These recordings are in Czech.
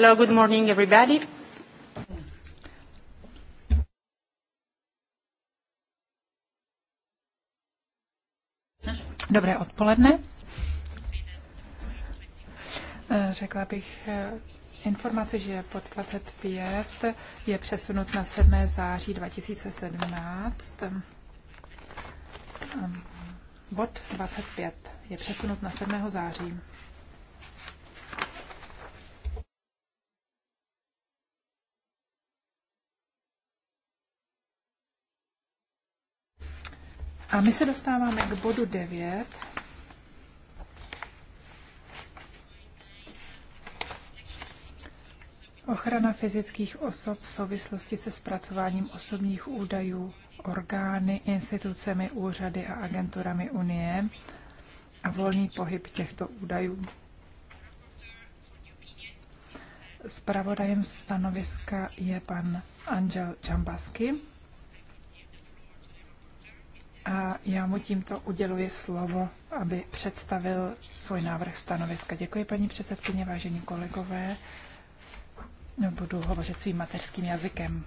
Hello, good morning everybody. Dobré odpoledne. Eh, řekla bych eh, informaci, že pod 25 je přesunut na 7. září 2017. Ehm, ehm, bod 25 je přesunut na 7. září. A my se dostáváme k bodu 9. Ochrana fyzických osob v souvislosti se zpracováním osobních údajů orgány, institucemi, úřady a agenturami Unie a volný pohyb těchto údajů. Spravodajem stanoviska je pan Angel Čambasky. A já mu tímto uděluji slovo, aby představil svůj návrh stanoviska. Děkuji, paní předsedkyně, vážení kolegové. No, budu hovořit svým mateřským jazykem.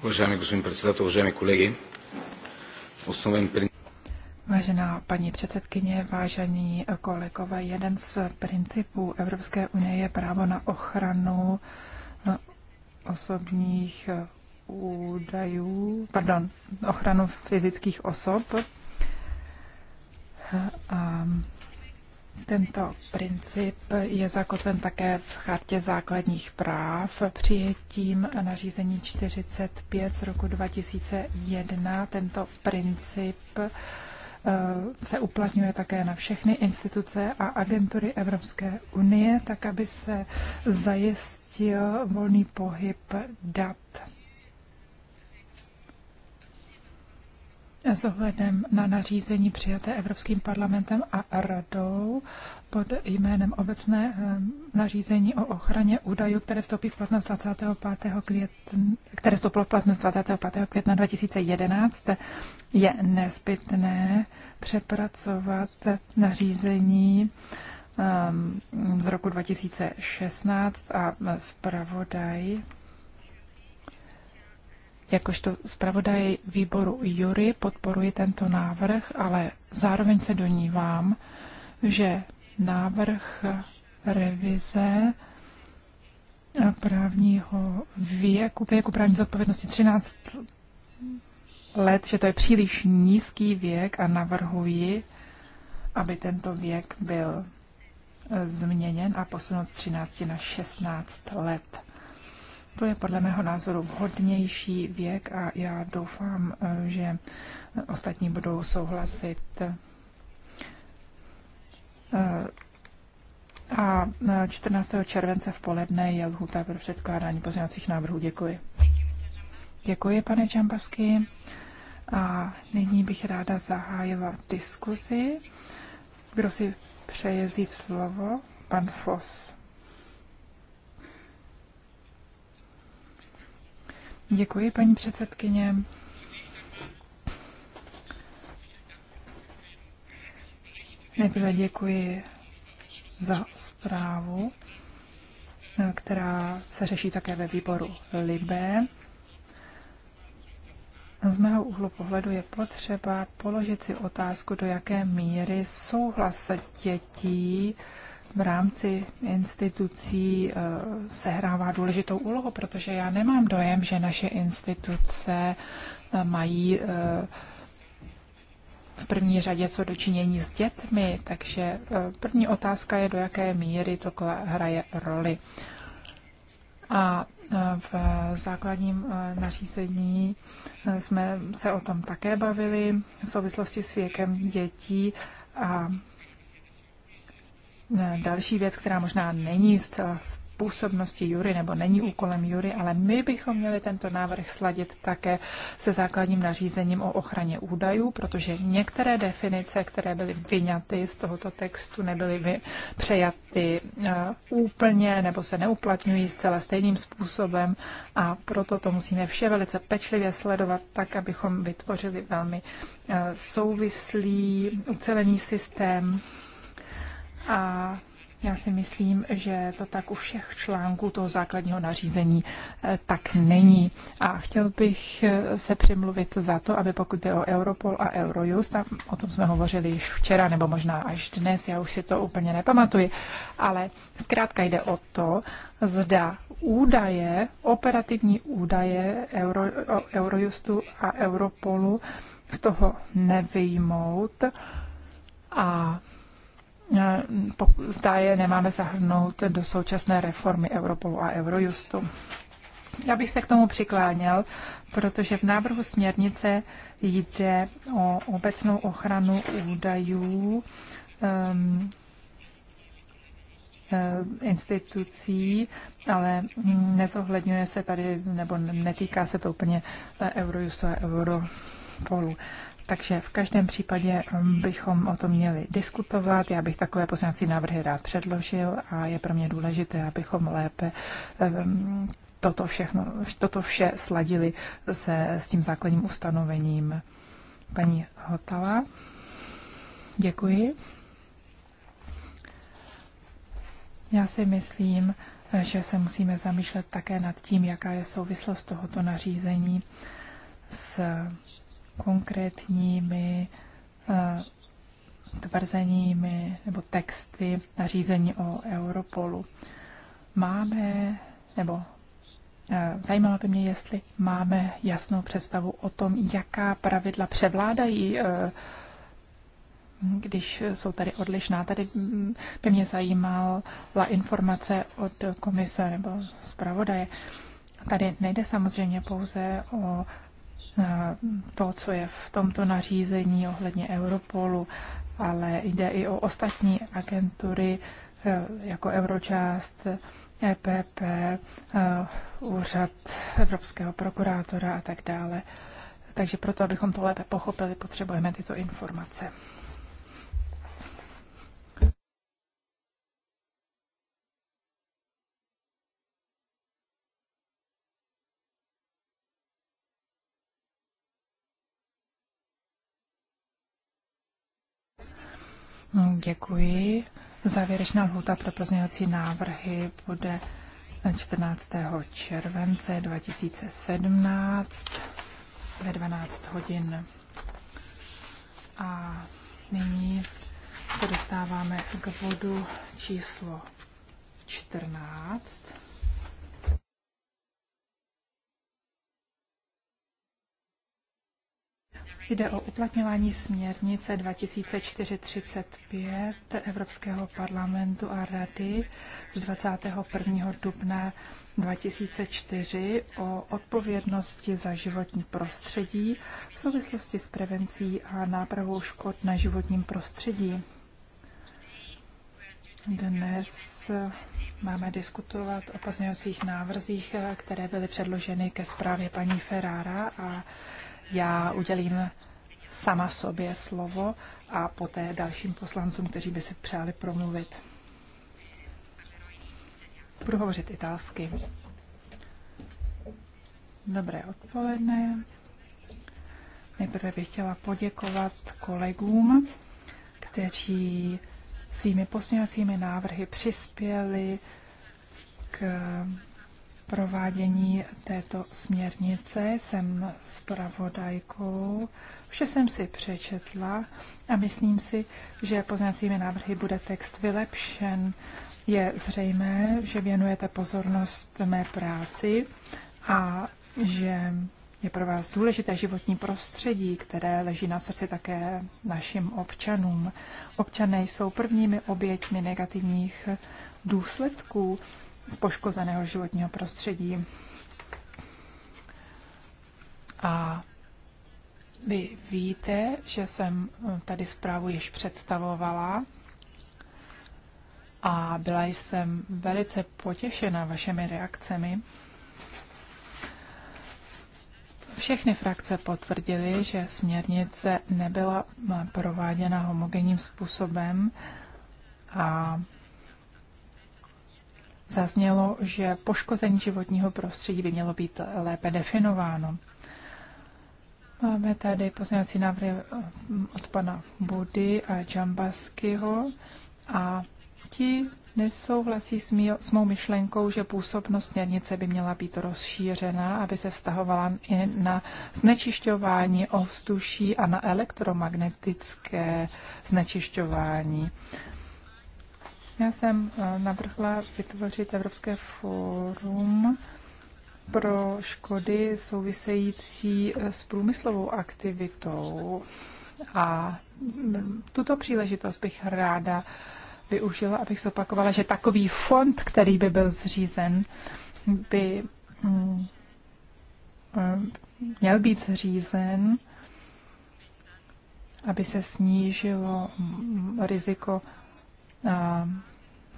Уважаеми господин председател, уважаеми колеги, основен принцип Vážená paní předsedkyně, vážení kolegové, jeden z principů Evropské unie je právo na ochranu eh, osobních eh, údajů, pardon, ochranu fyzických osob. Eh, a tento princip je zakotven také v chartě základních práv. Přijetím nařízení 45 z roku 2001 tento princip Eh, se uplatňuje také na všechny instituce a agentury Evropské unie, tak aby se zajistil volný pohyb dat. s ohledem na nařízení přijaté Evropským parlamentem a radou pod jménem obecné eh, nařízení o ochraně údajů, které vstoupí v platnost 25. května, které vstoupilo v platnost 25. května 2011, je nezbytné přepracovat nařízení ehm, z roku 2016 a zpravodaj Jakožto zpravodaj výboru Jury podporuji tento návrh, ale zároveň se donívám, že návrh revize právního věku, věku právní zodpovědnosti 13 let, že to je příliš nízký věk a navrhuji, aby tento věk byl změněn a posunut z 13 na 16 let. To je podle mého názoru vhodnější věk a já doufám, eh, že ostatní budou souhlasit. Eh, a 14. Eh, července v poledne je lhůta pro předkládání pozměňovacích návrhů. Děkuji. Děkuji, pane Čambasky. A nyní bych ráda zahájila diskuzi. Kdo si přeje slovo? Pan Foss. Děkuji, paní předsedkyně. Nejprve děkuji za zprávu, která se řeší také ve výboru LIBE. Z mého úhlu pohledu je potřeba položit si otázku, do jaké míry souhlas dětí v rámci institucí eh, sehrává důležitou úlohu, protože já nemám dojem, že naše instituce eh, mají eh, v první řadě co dočinění s dětmi, takže první otázka je, do jaké míry to hraje roli. A v základním nařízení jsme se o tom také bavili v souvislosti s věkem dětí a Eh, další věc, která možná není zcela v působnosti jury nebo není úkolem jury, ale my bychom měli tento návrh sladit také se základním nařízením o ochraně údajů, protože některé definice, které byly vyňaty z tohoto textu, nebyly vy, přejaty eh, úplně nebo se neuplatňují zcela stejným způsobem a proto to musíme vše velice pečlivě sledovat tak, abychom vytvořili velmi eh, souvislý, ucelený systém a já si myslím, že to tak u všech článků toho základního nařízení eh, tak není. A chtěl bych eh, se přimluvit za to, aby pokud jde o Europol a Eurojust, a o tom jsme hovořili již včera nebo možná až dnes, já už si to úplně nepamatuji, ale zkrátka jde o to, zda údaje, operativní údaje Euro, Eurojustu a Europolu z toho nevyjmout a Eh, zda je nemáme zahrnout do současné reformy Europolu a Eurojustu. Já bych se k tomu přikláněl, protože v návrhu směrnice jde o obecnou ochranu údajů um, institucí, ale nezohledňuje se tady, nebo netýká se to úplně eh, Eurojustu a Europolu. Takže v každém případě um, bychom o tom měli diskutovat. Já bych takové poznací návrhy rád předložil a je pro mě důležité, abychom lépe um, toto, všechno, toto vše sladili se s tím základním ustanovením. Paní Hotala, děkuji. Já si myslím, že se musíme zamýšlet také nad tím, jaká je souvislost tohoto nařízení s konkrétními eh, tvrzeními nebo texty nařízení o Europolu. Máme, nebo eh, zajímalo by mě, jestli máme jasnou představu o tom, jaká pravidla převládají, eh, když jsou tady odlišná. Tady mm, by mě zajímala informace od komise nebo zpravodaje. Tady nejde samozřejmě pouze o Eh, to, co je v tomto nařízení ohledně Europolu, ale jde i o ostatní agentury eh, jako Euročást, EPP, eh, Úřad Evropského prokurátora a tak dále. Takže proto, abychom to lépe pochopili, potřebujeme tyto informace. Děkuji. Závěrečná lhůta pro pozměňovací návrhy bude 14. července 2017 ve 12 hodin. A nyní se dostáváme k bodu číslo 14. Jde o uplatňování směrnice 2435 Evropského parlamentu a rady z 21. dubna 2004 o odpovědnosti za životní prostředí v souvislosti s prevencí a nápravou škod na životním prostředí. Dnes máme diskutovat o pozměňovacích návrzích, které byly předloženy ke zprávě paní Ferrara a já udělím sama sobě slovo a poté dalším poslancům, kteří by si přáli promluvit. Budu hovořit italsky. Dobré odpoledne. Nejprve bych chtěla poděkovat kolegům, kteří svými posněvacími návrhy přispěli k provádění této směrnice. Jsem zpravodajkou, vše jsem si přečetla a myslím si, že poznacími návrhy bude text vylepšen. Je zřejmé, že věnujete pozornost mé práci a že je pro vás důležité životní prostředí, které leží na srdci také našim občanům. Občané jsou prvními oběťmi negativních důsledků z poškozeného životního prostředí. A vy víte, že jsem eh, tady zprávu již představovala a byla jsem velice potěšena vašimi reakcemi. Všechny frakce potvrdily, že směrnice nebyla eh, prováděna homogenním způsobem a zaznělo, že poškození životního prostředí by mělo být lépe definováno. Máme tady pozměňovací návrhy eh, od pana Budy a Džambaskyho a ti nesouhlasí s, mý, s mou myšlenkou, že působnost směrnice by měla být rozšířena, aby se vztahovala i na znečišťování ovzduší a na elektromagnetické znečišťování. Já jsem eh, navrhla vytvořit Evropské fórum pro škody související eh, s průmyslovou aktivitou. A mm, tuto příležitost bych ráda využila, abych zopakovala, že takový fond, který by byl zřízen, by mm, eh, měl být zřízen, aby se snížilo mm, riziko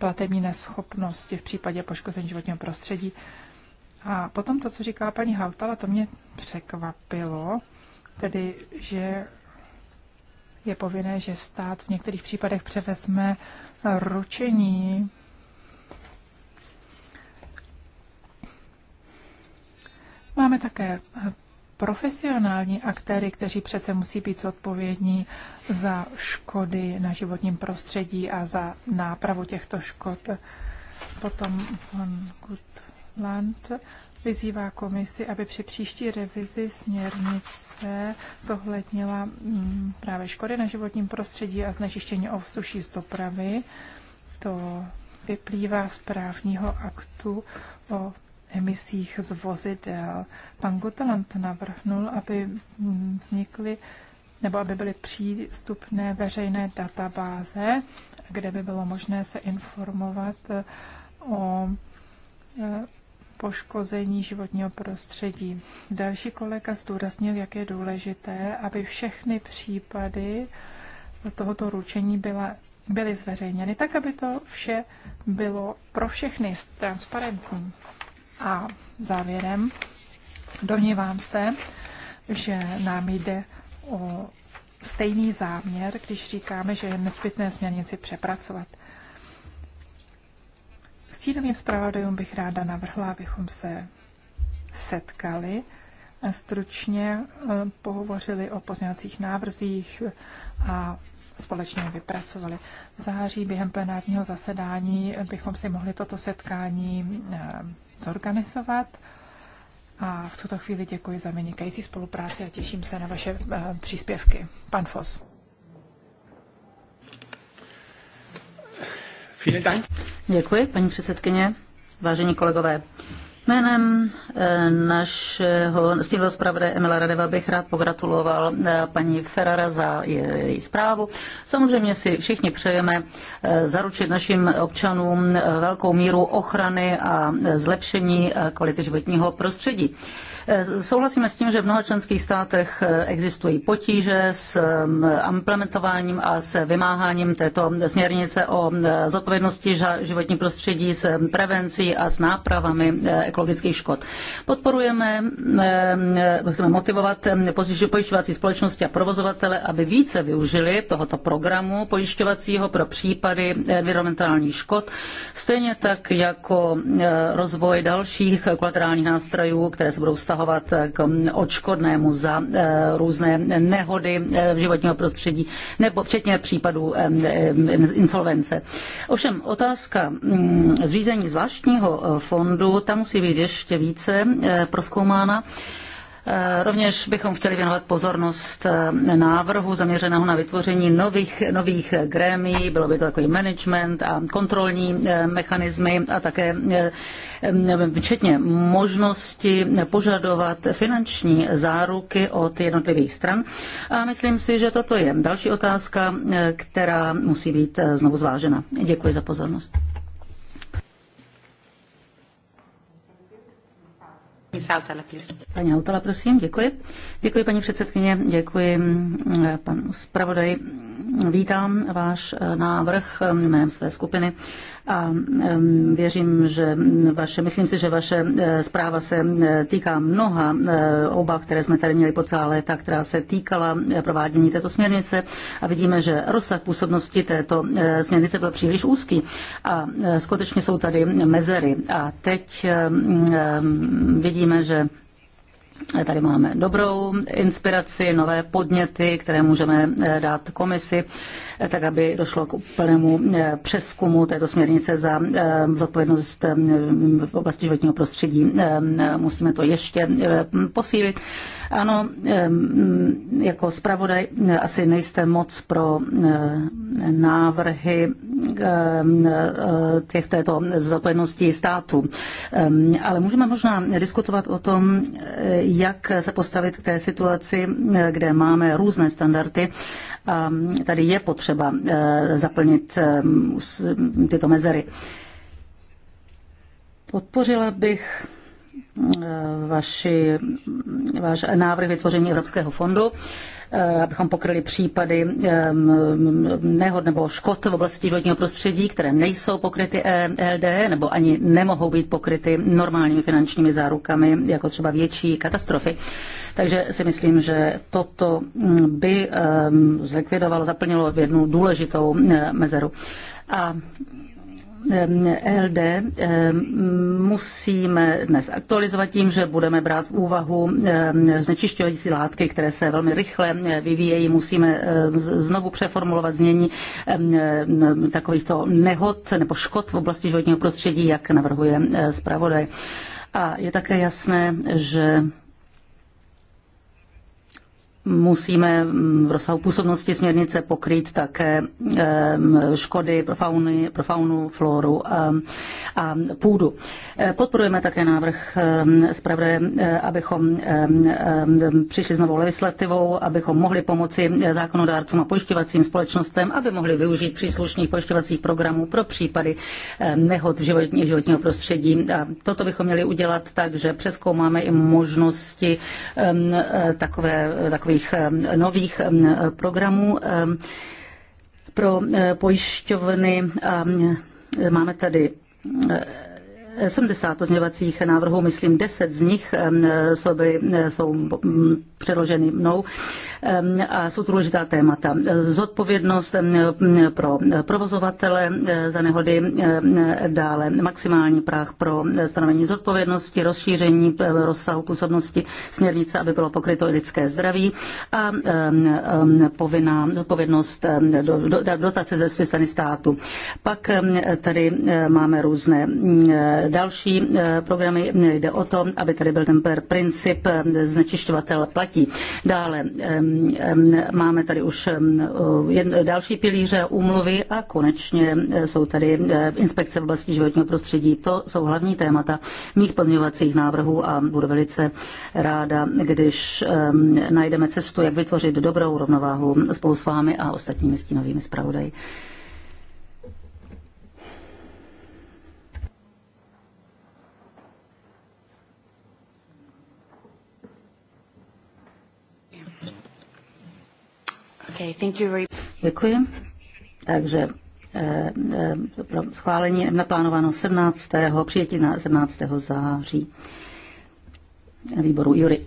platební neschopnosti v případě poškození životního prostředí. A potom to, co říká paní Hautala, to mě překvapilo, tedy, že je povinné, že stát v některých případech převezme ručení Máme také profesionální aktéry, kteří přece musí být zodpovědní za škody na životním prostředí a za nápravu těchto škod. Potom pan Gutland vyzývá komisi, aby při příští revizi směrnice zohlednila mm, právě škody na životním prostředí a znečištění ovzduší z dopravy. To vyplývá z právního aktu o emisích z vozidel. Pan Gutaland navrhnul, aby vznikly nebo aby byly přístupné veřejné databáze, kde by bylo možné se informovat o e, poškození životního prostředí. Další kolega zdůraznil, jak je důležité, aby všechny případy tohoto ručení byla, byly zveřejněny, tak aby to vše bylo pro všechny transparentní. A závěrem domnívám se, že nám jde o stejný záměr, když říkáme, že je nezbytné směrnici přepracovat. S Stínovým zpravodajům bych ráda navrhla, abychom se setkali, stručně eh, pohovořili o pozměňovacích návrzích a společně vypracovali. V září během plenárního zasedání bychom si mohli toto setkání eh, zorganizovat. A v tuto chvíli děkuji za vynikající spolupráci a těším se na vaše eh, příspěvky. Pan Fos. Děkuji, paní předsedkyně. Vážení kolegové, Jménem eh, našeho stínového zpravodaje Emila Radeva bych rád pogratuloval eh, paní Ferrara za její zprávu. Samozřejmě si všichni přejeme eh, zaručit našim občanům velkou míru ochrany a zlepšení kvality životního prostředí. Eh, souhlasíme s tím, že v mnoha členských státech eh, existují potíže s mm, implementováním a se vymáháním této směrnice o mm, zodpovědnosti za životní prostředí s mm, prevencí a s nápravami eh, ekologických škod. Podporujeme, chceme motivovat pojišťovací společnosti a provozovatele, aby více využili tohoto programu pojišťovacího pro případy environmentálních škod, stejně tak jako rozvoj dalších kolaterálních nástrojů, které se budou stát zasahovat k odškodnému za eh, různé nehody eh, v životního prostředí, nebo včetně případů eh, insolvence. Ovšem otázka mm, zřízení zvláštního fondu, ta musí být ještě více proskoumána. Eh, rovněž bychom chtěli věnovat pozornost eh, návrhu zaměřeného na vytvoření nových, nových grémí, bylo by to takový management a kontrolní eh, mechanismy a také včetně možnosti požadovat finanční záruky od jednotlivých stran. A myslím si, že toto je další otázka, která musí být znovu zvážena. Děkuji za pozornost. Paní Autala, prosím, děkuji. Děkuji, paní předsedkyně, děkuji eh, panu zpravodaji Vítám váš eh, návrh eh, jménem své skupiny a věřím, že vaše, myslím si, že vaše eh, zpráva se týká mnoha obav, které jsme tady měli po celá léta, která se týkala provádění této směrnice a vidíme, že rozsah působnosti této směrnice byl příliš úzký a skutečně jsou tady mezery a teď vidíme, že Tady máme dobrou inspiraci, nové podněty, které můžeme eh, dát komisi, eh, tak aby došlo k úplnému eh, přeskumu této směrnice za zodpovědnost v oblasti životního prostředí. Musíme to ještě posílit. Ano, jako zpravodaj asi nejste moc pro návrhy těch této zodpovědnosti států, ale můžeme možná diskutovat o tom, jak se postavit k té situaci, kde máme různé standardy. A tady je potřeba eh, zaplnit eh, tyto mezery. Podpořila bych eh, vaši, váš návrh vytvoření Evropského fondu. Eh, abychom pokryli případy eh, nehod nebo škod v oblasti životního prostředí, které nejsou pokryty ELD nebo ani nemohou být pokryty normálními finančními zárukami, jako třeba větší katastrofy. Takže si myslím, že toto mm, by eh, zlikvidovalo, zaplnilo jednu důležitou mezeru. A LD musíme dnes aktualizovat tím, že budeme brát v úvahu znečišťující látky, které se velmi rychle vyvíjejí. Musíme znovu přeformulovat znění takovýchto nehod nebo škod v oblasti životního prostředí, jak navrhuje eh, zpravodaj. A je také jasné, že musíme v rozsahu působnosti směrnice pokrýt také škody pro, fauny, pro faunu, floru a, a půdu. E, podporujeme také návrh zpravodaje, e, abychom přišli s novou legislativou, abychom mohli pomoci zákonodárcům a pojišťovacím společnostem, aby mohli využít příslušných pojišťovacích programů pro případy nehod v životní, životního prostředí. A toto bychom měli udělat tak, že přeskoumáme i možnosti e, takové, takové takových nových programů pro eh, pojišťovny máme tady 70 pozměňovacích návrhů, myslím 10 z nich jsou předloženy mnou a jsou to důležitá témata. Zodpovědnost pro provozovatele za nehody, dále maximální práh pro stanovení zodpovědnosti, rozšíření rozsahu působnosti směrnice, aby bylo pokryto i lidské zdraví a povinná zodpovědnost dotace ze strany státu. Pak tady máme různé další eh, programy. Eh, jde o to, aby tady byl ten princip eh, znečišťovatel platí. Dále máme tady už další pilíře úmluvy a konečně jsou tady inspekce v oblasti životního prostředí. To jsou hlavní témata mých pozměňovacích návrhů a budu velice ráda, když najdeme cestu, jak vytvořit dobrou rovnováhu spolu s vámi a ostatními stínovými zpravodaji. Okay, thank you very... Děkuji. Takže eh, eh, pro schválení naplánováno 17. přijetí na 17. září výboru Jury.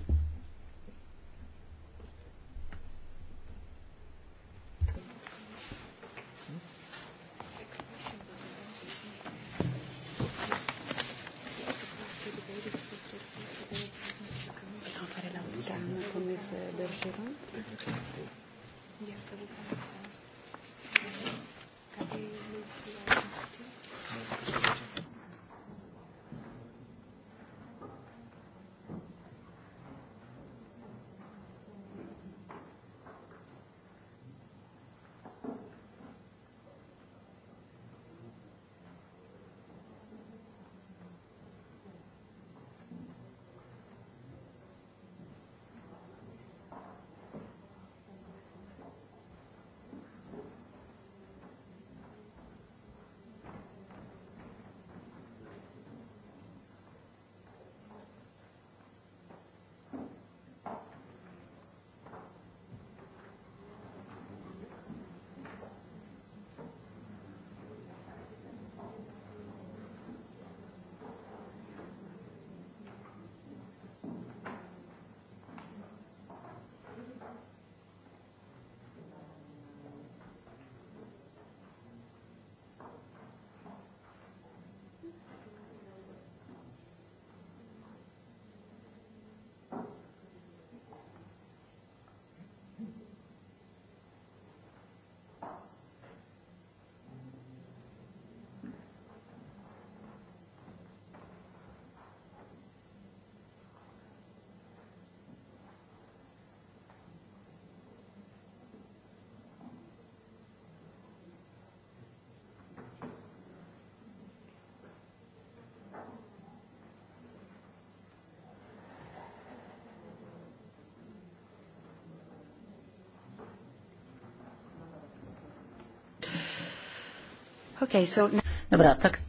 Okay, so... Dobrá, tak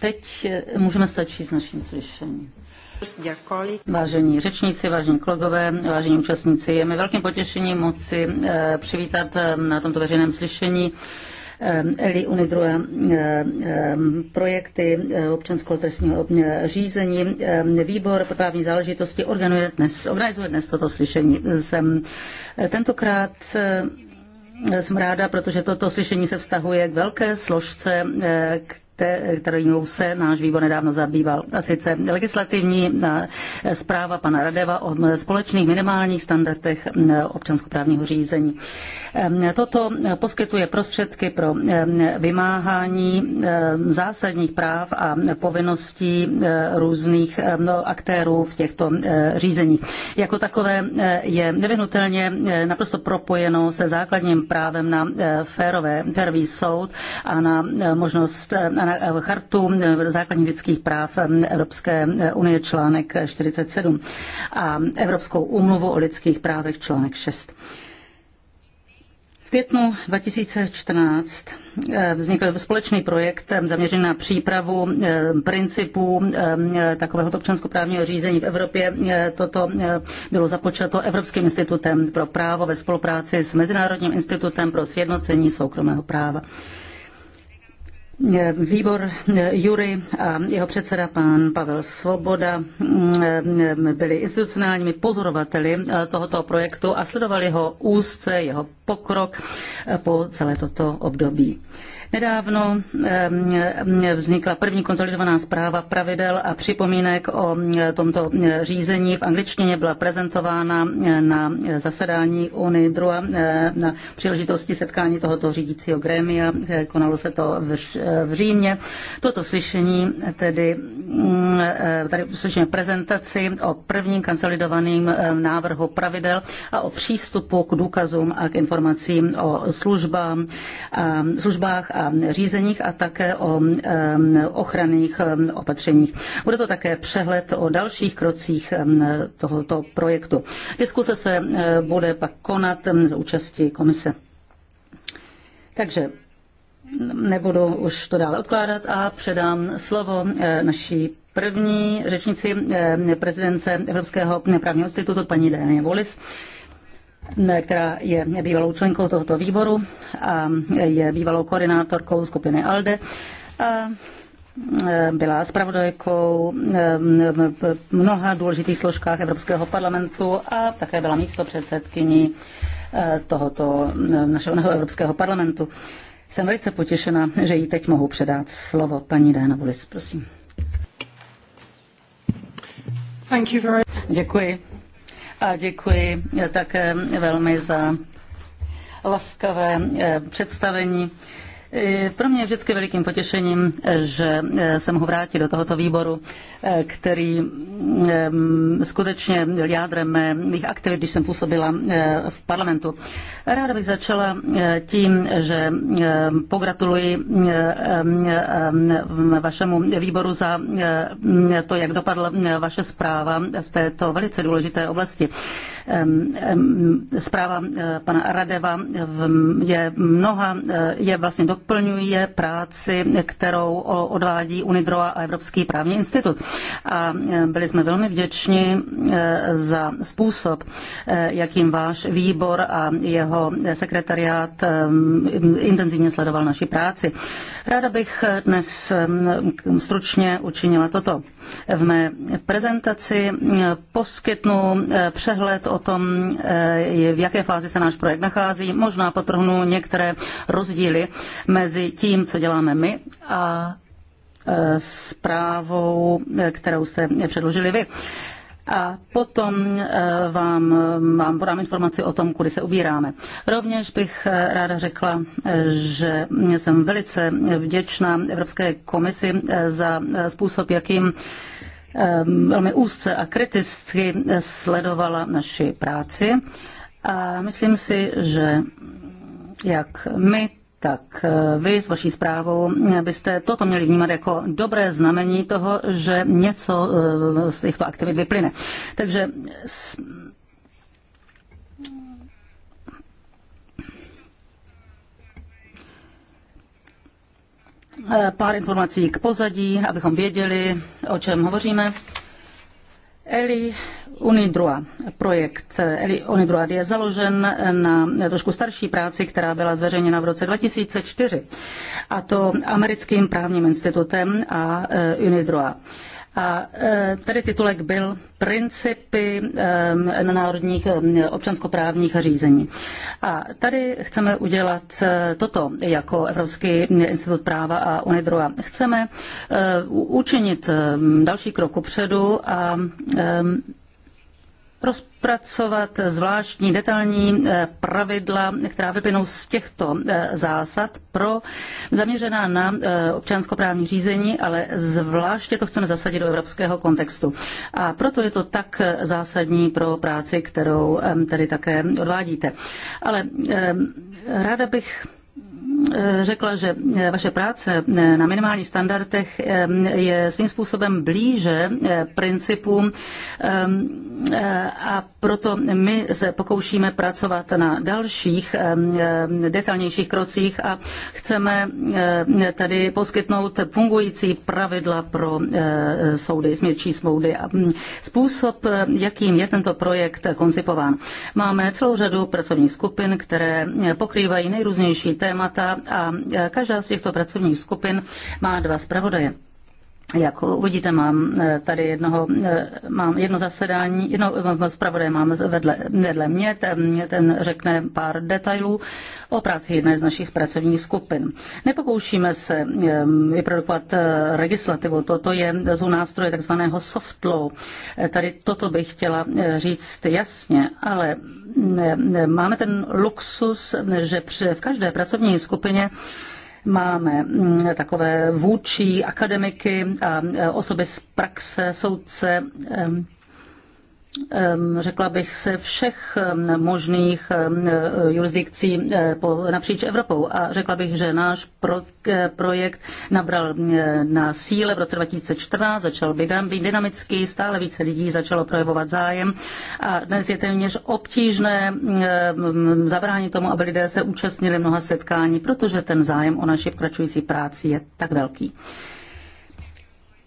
teď eh, můžeme stačit s naším slyšením. Vážení řečníci, vážení kolegové, vážení účastníci, je mi velkým potěšením moci eh, přivítat eh, na tomto veřejném slyšení Eli Unidroja projekty občanského trestního řízení. Výbor pro právní záležitosti organizuje dnes, organizuje dnes toto slyšení. Jsem tentokrát jsem ráda, protože toto slyšení se vztahuje k velké složce, eh, k kterou se náš výbor nedávno zabýval. A sice legislativní eh, zpráva pana Radeva o eh, společných minimálních standardech eh, občanskoprávního řízení. Ehm, toto poskytuje prostředky pro ehm, vymáhání ehm, zásadních práv a povinností různých no, aktérů v těchto řízeních. Jako takové je nevyhnutelně naprosto propojeno se základním právem na férové, férový soud a na možnost a na Eh, chartu eh, základních lidských práv eh, Evropské unie článek 47 a Evropskou umluvu o lidských právech článek 6. V květnu 2014 vznikl společný projekt zaměřený na přípravu principů takového občanskoprávního řízení v Evropě. Toto bylo započato Evropským institutem pro právo ve spolupráci s Mezinárodním institutem pro sjednocení soukromého práva. Výbor eh, Jury a jeho předseda Pan Pavel Svoboda eh, byli institucionálními pozorovateli eh, tohoto projektu a sledovali ho úzce, jeho pokrok po celé toto období. Nedávno vznikla první konsolidovaná zpráva pravidel a připomínek o tomto řízení. V angličtině byla prezentována na zasedání UNIDROA na příležitosti setkání tohoto řídícího grémia. Konalo se to v v Římě. Toto slyšení tedy mm, eh, tady slyšíme prezentaci o prvním konsolidovaném eh, návrhu pravidel a o přístupu k důkazům a k informacím o službám, a, službách a řízeních a také o eh, ochranných opatřeních. Bude to také přehled o dalších krocích tohoto projektu. Diskuse se bude pak konat za účasti komise. Takže nebudu už to dále odkládat a předám slovo eh, naší první řečnici eh, prezidence Evropského právního institutu, paní Dany Volis, eh, která je bývalou členkou tohoto výboru a je bývalou koordinátorkou skupiny ALDE. A byla zpravodajkou v mnoha důležitých složkách Evropského parlamentu a také byla místo předsedkyní tohoto našeho Evropského parlamentu. Jsem velice potěšena, že jí teď mohu předat slovo. Paní Dana Bulis, prosím. Thank you very... Děkuji. A děkuji také velmi za laskavé eh, představení. Pro mě je vždycky velikým potěšením, že eh, se mohu vrátit do tohoto výboru, eh, který eh, skutečně byl jádrem mých aktivit, když jsem působila v parlamentu. Ráda bych začala tím, že pogratuluji vašemu výboru za to, jak dopadla vaše zpráva v této velice důležité oblasti. Ehm, ehm, zpráva pana Radeva je mnoha, je vlastně do je práci, kterou odvádí UNIDROA a Evropský právní institut. A e, byli jsme velmi vděční e, za způsob, e, jakým váš výbor a jeho sekretariát intenzivně sledoval naši práci. Ráda bych dnes stručně učinila toto. V mé prezentaci eh, poskytnu eh, přehled o tom, eh, v jaké fázi se náš projekt nachází. Možná potrhnu některé rozdíly mezi tím, co děláme my a zprávou, kterou jste předložili vy a potom eh, vám, vám podám informaci o tom, kudy se ubíráme. Rovněž bych eh, ráda řekla, eh, že jsem velice vděčná Evropské komisi za způsob, jakým velmi úzce a kriticky sledovala naši práci. A myslím si, že jak my, tak eh, vy s vaší zprávou eh, byste toto měli vnímat jako dobré znamení toho, že něco eh, z těchto aktivit vyplyne. Takže pár informací k pozadí, abychom věděli, o čem hovoříme. Eli UNIDROA. Projekt eh, UNIDROA je založen na trošku starší práci, která byla zveřejněna v roce 2004, a to americkým právním institutem a eh, UNIDROA. A eh, tady titulek byl Principy národních občanskoprávních řízení. A tady chceme udělat toto jako Evropský institut práva a UNIDROA. Chceme učinit další krok upředu a rozpracovat zvláštní detailní eh, pravidla, která vyplynou z těchto eh, zásad pro zaměřená na eh, občanskoprávní řízení, ale zvláště to chceme zasadit do evropského kontextu. A proto je to tak zásadní pro práci, kterou tady také odvádíte. Ale ráda bych Eh, řekla, že eh, vaše práce eh, na minimálních standardech je svým způsobem blíže principům a proto my se pokoušíme pracovat na dalších detailnějších krocích a chceme tady poskytnout fungující pravidla pro soudy, smírčí soudy a hm, způsob, jakým je tento projekt koncipován. Máme celou řadu pracovních skupin, které pokrývají nejrůznější témata, a každá z těchto pracovních skupin má dva zpravodaje. Jak uvidíte, mám e, tady jednoho, e, mám jedno zasedání, jedno e, zpravodaj mám vedle, vedle mě, ten, ten řekne pár detailů o práci jedné z našich pracovních skupin. Nepokoušíme se vyprodukovat legislativu, toto je z nástroje takzvaného soft law. Tady toto bych chtěla říct jasně, ale máme ten luxus, že v každé pracovní skupině máme mm, takové vůči akademiky a e, osoby z praxe, soudce, řekla bych, se všech možných jurisdikcí e, napříč Evropou. A řekla bych, že náš e, projekt nabral e, na síle v roce 2014, začal být dynamický, stále více lidí začalo projevovat zájem a dnes je téměř obtížné zabránit tomu, aby lidé se účastnili mnoha setkání, protože ten zájem o naši pokračující práci je tak velký.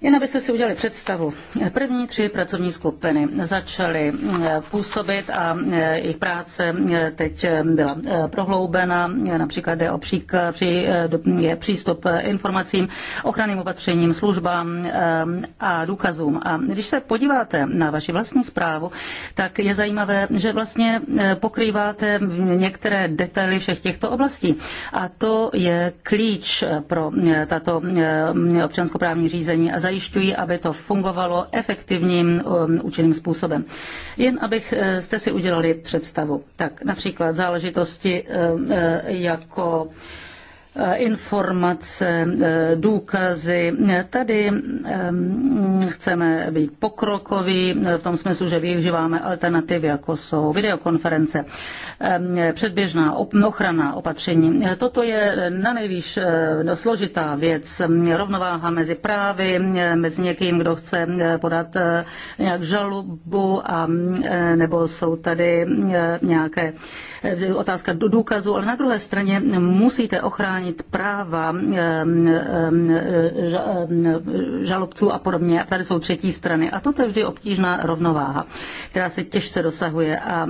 Jen abyste si udělali představu, první tři pracovní skupiny začaly eh, působit a eh, jejich práce eh, teď byla prohloubena, například jde o přístup informacím, ochranným opatřením, službám a důkazům. A když se podíváte na vaši vlastní zprávu, tak je zajímavé, že vlastně pokrýváte některé detaily všech těchto oblastí. A to je klíč pro tato občanskoprávní řízení. A zajímavé zajišťují, aby to fungovalo efektivním, um, účinným způsobem. Jen abych eh, jste si udělali představu. Tak například záležitosti eh, eh, jako informace, eh, důkazy. Tady eh, chceme být pokrokoví v tom smyslu, že využíváme alternativy, jako jsou videokonference, eh, předběžná ochrana opatření. Toto je na nejvíc složitá věc. Rovnováha mezi právy, mezi někým, kdo chce podat nějak žalobu a nebo jsou tady nějaké otázka do důkazu, ale na druhé straně musíte ochránit práva žalobců a podobně. A tady jsou třetí strany. A toto je vždy obtížná rovnováha, která se těžce dosahuje a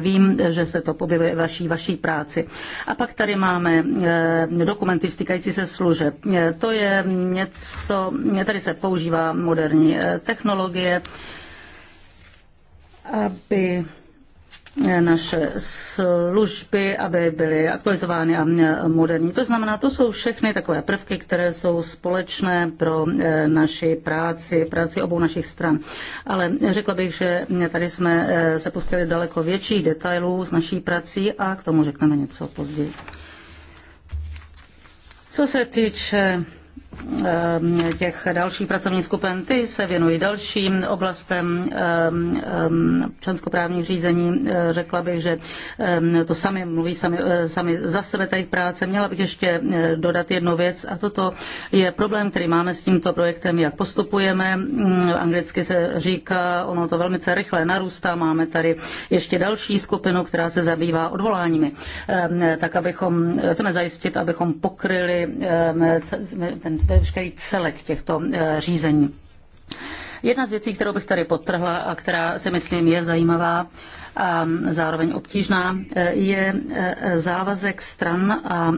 vím, že se to objevuje vaší, vaší práci. A pak tady máme dokumenty vstýkající se služeb. To je něco, tady se používá moderní eh, technologie, aby naše služby, aby byly aktualizovány a e, moderní. To znamená, to jsou všechny takové prvky, které jsou společné pro e, naši práci, práci obou našich stran. Ale řekla bych, že tady jsme e, se pustili daleko větších detailů s naší prací a k tomu řekneme něco později. Co se týče Ehm, těch dalších pracovních skupin, ty se věnují dalším oblastem ehm, ehm, občanskoprávních řízení. Eh, řekla bych, že to sami mluví sami, eh, sami za sebe tady práce. Měla bych ještě eh, dodat jednu věc a toto je problém, který máme s tímto projektem, jak postupujeme. Mm, anglicky se říká, ono to velmi rychle narůstá. Máme tady ještě další skupinu, která se zabývá odvoláními. Tak abychom, chceme zajistit, abychom pokryli ten veškerý celek těchto eh, řízení. Jedna z věcí, kterou bych tady podtrhla a která si myslím je zajímavá a zároveň obtížná, eh, je eh, závazek stran a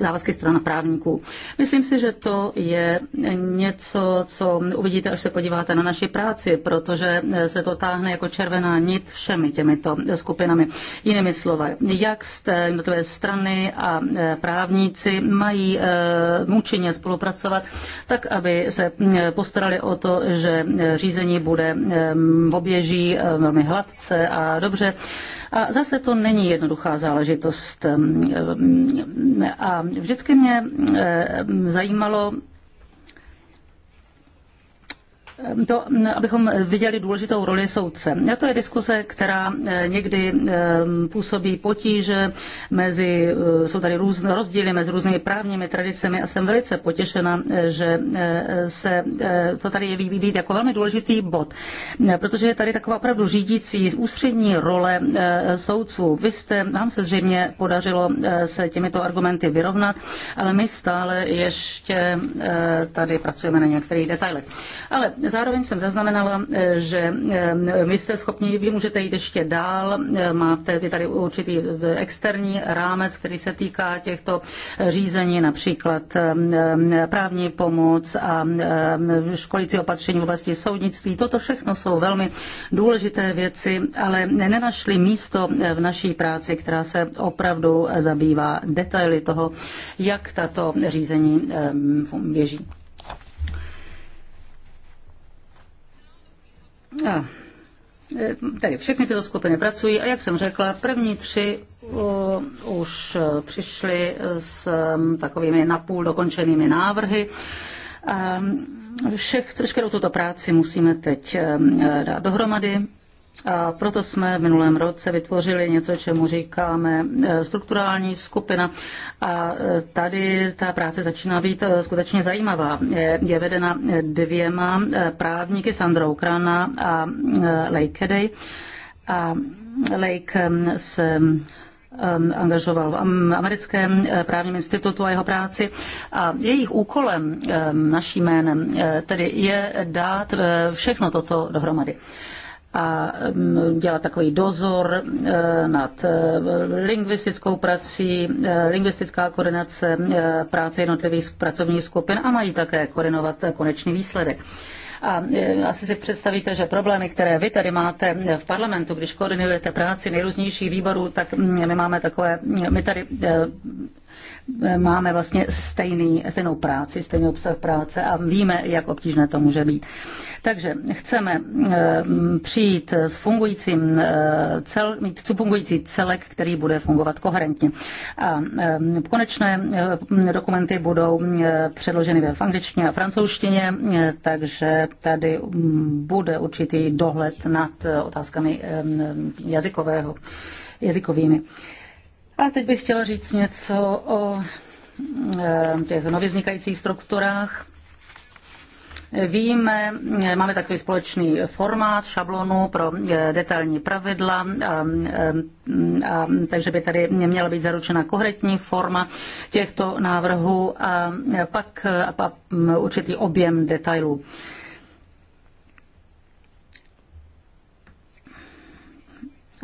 závazky strana právníků. Myslím si, že to je něco, co uvidíte, až se podíváte na naši práci, protože se to táhne jako červená nit všemi těmito skupinami. Jinými slovy, jak jste jednotlivé strany a e, právníci mají mučeně e, spolupracovat, tak aby se e, postarali o to, že řízení bude v oběží velmi hladce a dobře. A zase to není jednoduchá záležitost. Ehm, ehm, a vždycky mě ehm, zajímalo, Ehm, to, abychom viděli důležitou roli soudce. A to je diskuse, která eh, někdy ehm, působí potíže mezi, eh, jsou tady různé rozdíly mezi různými právními tradicemi a jsem velice potěšena, eh, že se to tady jeví být jako velmi důležitý bod, protože je tady taková opravdu řídící ústřední role soudců. Vy jste, vám se zřejmě podařilo se těmito argumenty vyrovnat, ale my stále ještě tady pracujeme na některých detailech. Ale Zároveň jsem zaznamenala, eh, že eh, vy jste schopni, vy můžete jít ještě dál, eh, máte vy tady určitý externí rámec, který se týká těchto řízení, například právní pomoc a školící opatření v oblasti soudnictví. Toto všechno jsou velmi důležité věci, ale nenašli místo v naší práci, která se opravdu zabývá detaily toho, jak tato řízení běží. A, e, tady všechny tyto skupiny pracují a jak jsem řekla, první tři už e, přišli s takovými napůl dokončenými návrhy. Všech, veškerou tuto práci musíme teď e, dát dohromady a proto jsme v minulém roce vytvořili něco, čemu říkáme e, strukturální skupina. A e, tady ta práce začíná být e, skutečně zajímavá. Je, je vedena dvěma právníky, Sandrou Krana a Lake Day. A Lake se angažoval v americkém právním institutu a jeho práci. A jejich úkolem, naším jménem, tedy je dát všechno toto dohromady a mm, dělat takový dozor e, nad e, lingvistickou prací, e, lingvistická koordinace práce jednotlivých pracovních skupin a mají také koordinovat konečný výsledek. A asi si představíte, že problémy, které vy tady máte v parlamentu, když koordinujete práci nejrůznějších výborů, tak mm, my máme takové, my tady máme vlastně stejný, stejnou práci, stejný obsah práce a víme, jak obtížné to může být. Takže chceme eh, přijít s fungujícím eh, cel, mít fungující celek, který bude fungovat koherentně. A eh, konečné dokumenty budou předloženy ve angličtině a francouzštině, takže tady mm, bude určitý dohled nad otázkami jazykového jazykovými. A teď bych chtěla říct něco o eh, těch nově vznikajících strukturách. Víme, máme takový společný formát šablonu pro eh, detailní pravidla, a, a, eh, a, takže by tady měla být zaručena koherentní forma těchto návrhů a pak a, a mm, určitý objem detailů.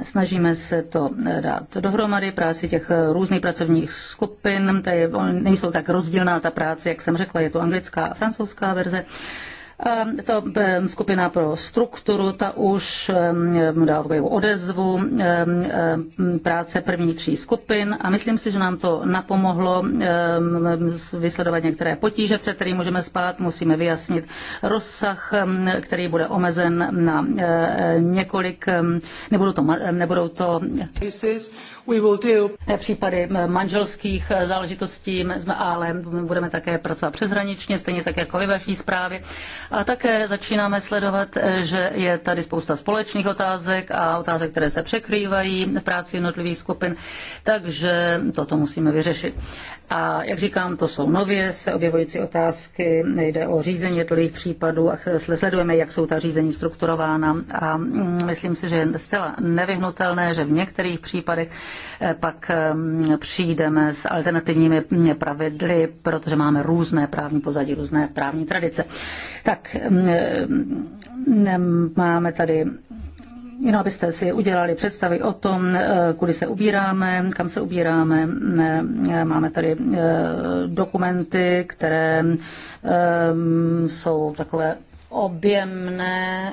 Snažíme se to dát dohromady, práci těch různých pracovních skupin, tady nejsou tak rozdílná ta práce, jak jsem řekla, je to anglická a francouzská verze. Ehm, to ehm, skupina pro strukturu, ta už ehm, dala odezvu práce prvních tří skupin a myslím si, že nám to napomohlo vysledovat některé potíže, před kterými můžeme spát. Musíme vyjasnit rozsah, který bude omezen na několik, nebudou to, nebudou to deal... Případy manželských e, záležitostí, ale budeme také pracovat přeshraničně, stejně tak jako ve vaší zprávě. A také začínáme sledovat, e, že je tady spousta společných otázek a otázek, které se překrývají v práci jednotlivých skupin, takže toto musíme vyřešit. A jak říkám, to jsou nově se objevující otázky, jde o řízení jednotlivých případů a sledujeme, jak jsou ta řízení strukturována a mm, myslím si, že je zcela nevyhnutelné, že v některých případech pak přijdeme s alternativními pravidly, protože máme různé právní pozadí, různé právní tradice. Tak máme tady jenom abyste si udělali představy o tom, eh, kudy se ubíráme, kam se ubíráme. Eh, máme tady eh, dokumenty, které jsou takové objemné,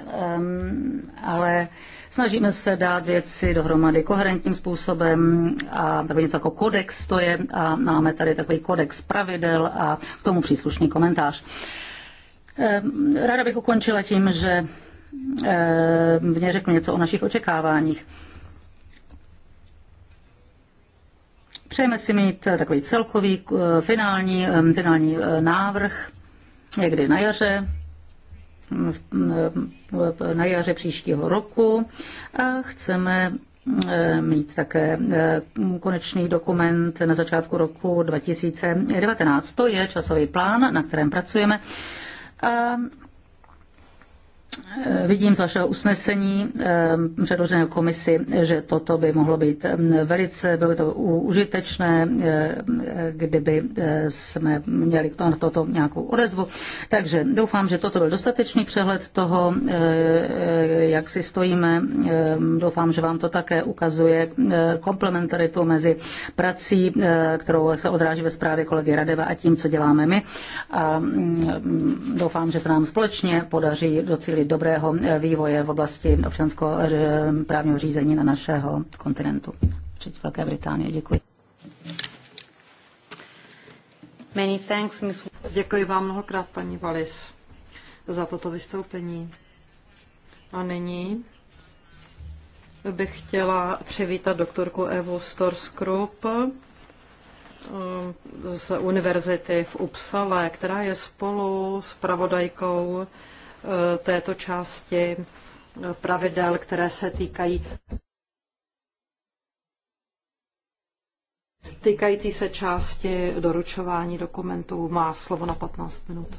ale Snažíme se dát věci dohromady koherentním způsobem a takový něco jako kodex to je a máme tady takový kodex pravidel a k tomu příslušný komentář. Eh, ráda bych ukončila tím, že v eh, ně řeknu něco o našich očekáváních. Přejeme si mít eh, takový celkový finální, finální návrh někdy na jaře na jaře příštího roku a chceme eh, mít také eh, konečný dokument na začátku roku 2019. To je časový plán, na kterém pracujeme. A Eh, vidím z vašeho usnesení eh, předloženého komisi, že toto by mohlo být eh, velice, bylo by to užitečné, kdyby jsme měli na toto nějakou odezvu. Takže doufám, že toto byl dostatečný přehled toho, jak si stojíme. Doufám, že vám to také ukazuje komplementaritu mezi prací, kterou se odráží ve zprávě kolegy Radeva a tím, co děláme my. A mm, doufám, že se nám společně podaří docílit tedy dobrého eh, vývoje v oblasti občanského eh, právního řízení na našeho kontinentu, Před Velké Británie. Děkuji. Many thanks, Ms. Děkuji vám mnohokrát, paní Valis, za toto vystoupení. A nyní bych chtěla přivítat doktorku Evu Storskrup eh, z univerzity v Upsale, která je spolu s pravodajkou Eh, této části pravidel, které se týkají týkající se části doručování dokumentů má slovo na 15 minut.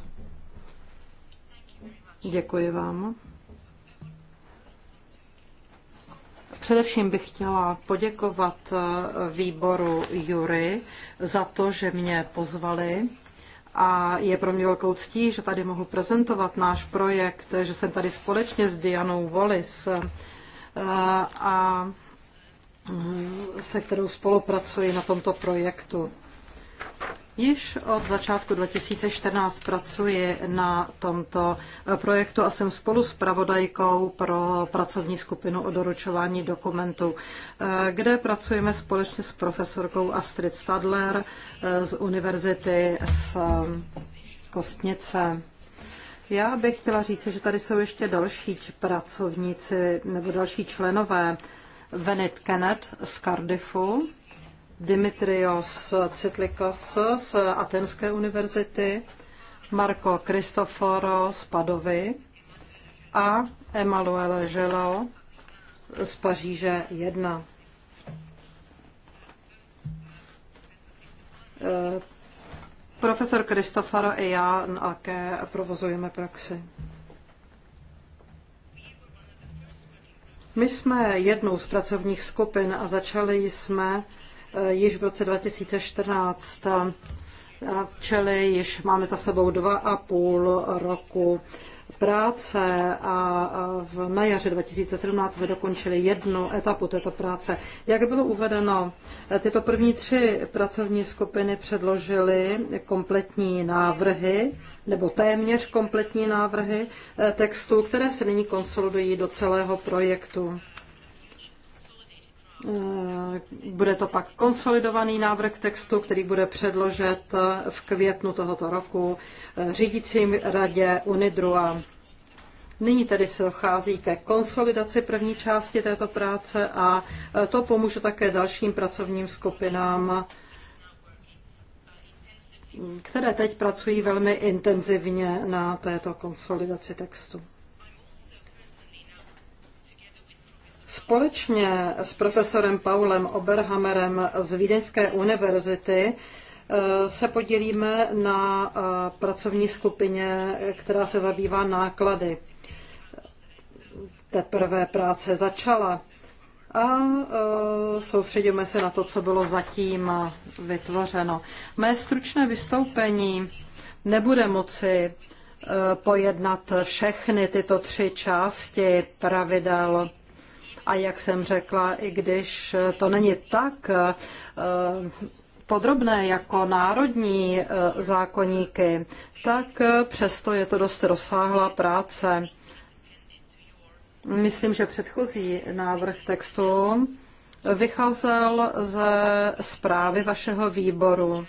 Děkuji vám. Především bych chtěla poděkovat eh, výboru Jury za to, že mě pozvali a je pro mě velkou ctí, že tady mohu prezentovat náš projekt, že jsem tady společně s Dianou Wallis eh, a mm, se kterou spolupracuji na tomto projektu. Již od začátku 2014 pracuji na tomto eh, projektu a jsem spolu s pravodajkou pro pracovní skupinu o doručování dokumentů, eh, kde pracujeme společně s profesorkou Astrid Stadler eh, z Univerzity z Kostnice. Já bych chtěla říct, že tady jsou ještě další pracovníci nebo další členové Venet Kenneth z Cardiffu, Dimitrios Citlikos z Atenské univerzity, Marko Kristoforo z Padovy a Emanuele Želo z Paříže 1. Eh, profesor Kristofaro i já no, také provozujeme praxi. My jsme jednou z pracovních skupin a začali jsme Eh, již v roce 2014, eh, čili již máme za sebou dva a půl roku práce a v na jaře 2017 jsme dokončili jednu etapu této práce. Jak bylo uvedeno, eh, tyto první tři pracovní skupiny předložily kompletní návrhy nebo téměř kompletní návrhy textů, které se nyní konsolidují do celého projektu. Eh, bude to pak konsolidovaný návrh textu, který bude předložen v květnu tohoto roku eh, řídícím radě UNIDRUA. Nyní tedy se dochází ke konsolidaci první části této práce a eh, to pomůže také dalším pracovním skupinám, které teď pracují velmi intenzivně na této konsolidaci textu. Společně s profesorem Paulem Oberhammerem z Vídeňské univerzity eh, se podělíme na eh, pracovní skupině, která se zabývá náklady. Teprve práce začala a eh, soustředíme se na to, co bylo zatím vytvořeno. Mé stručné vystoupení nebude moci pojednat všechny tyto tři části pravidel a jak jsem řekla, i když to není tak eh, podrobné jako národní eh, zákoníky, tak eh, přesto je to dost rozsáhlá práce. Myslím, že předchozí návrh textu vycházel ze zprávy vašeho výboru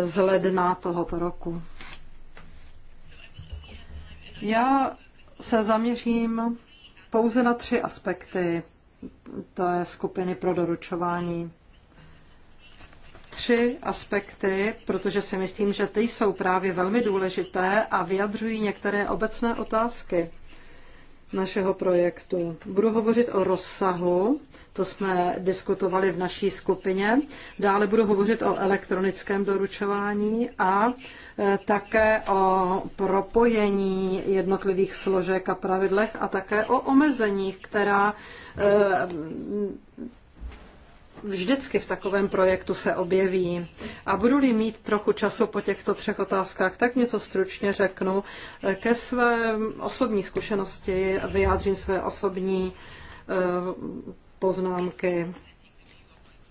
z ledna tohoto roku. Já se zaměřím pouze na tři aspekty té skupiny pro doručování. Tři aspekty, protože si myslím, že ty jsou právě velmi důležité a vyjadřují některé obecné otázky našeho projektu. Budu hovořit o rozsahu to jsme diskutovali v naší skupině. Dále budu hovořit o elektronickém doručování a e, také o propojení jednotlivých složek a pravidlech a také o omezeních, která e, vždycky v takovém projektu se objeví. A budu-li mít trochu času po těchto třech otázkách, tak něco stručně řeknu. E, ke své osobní zkušenosti vyjádřím své osobní poznámky,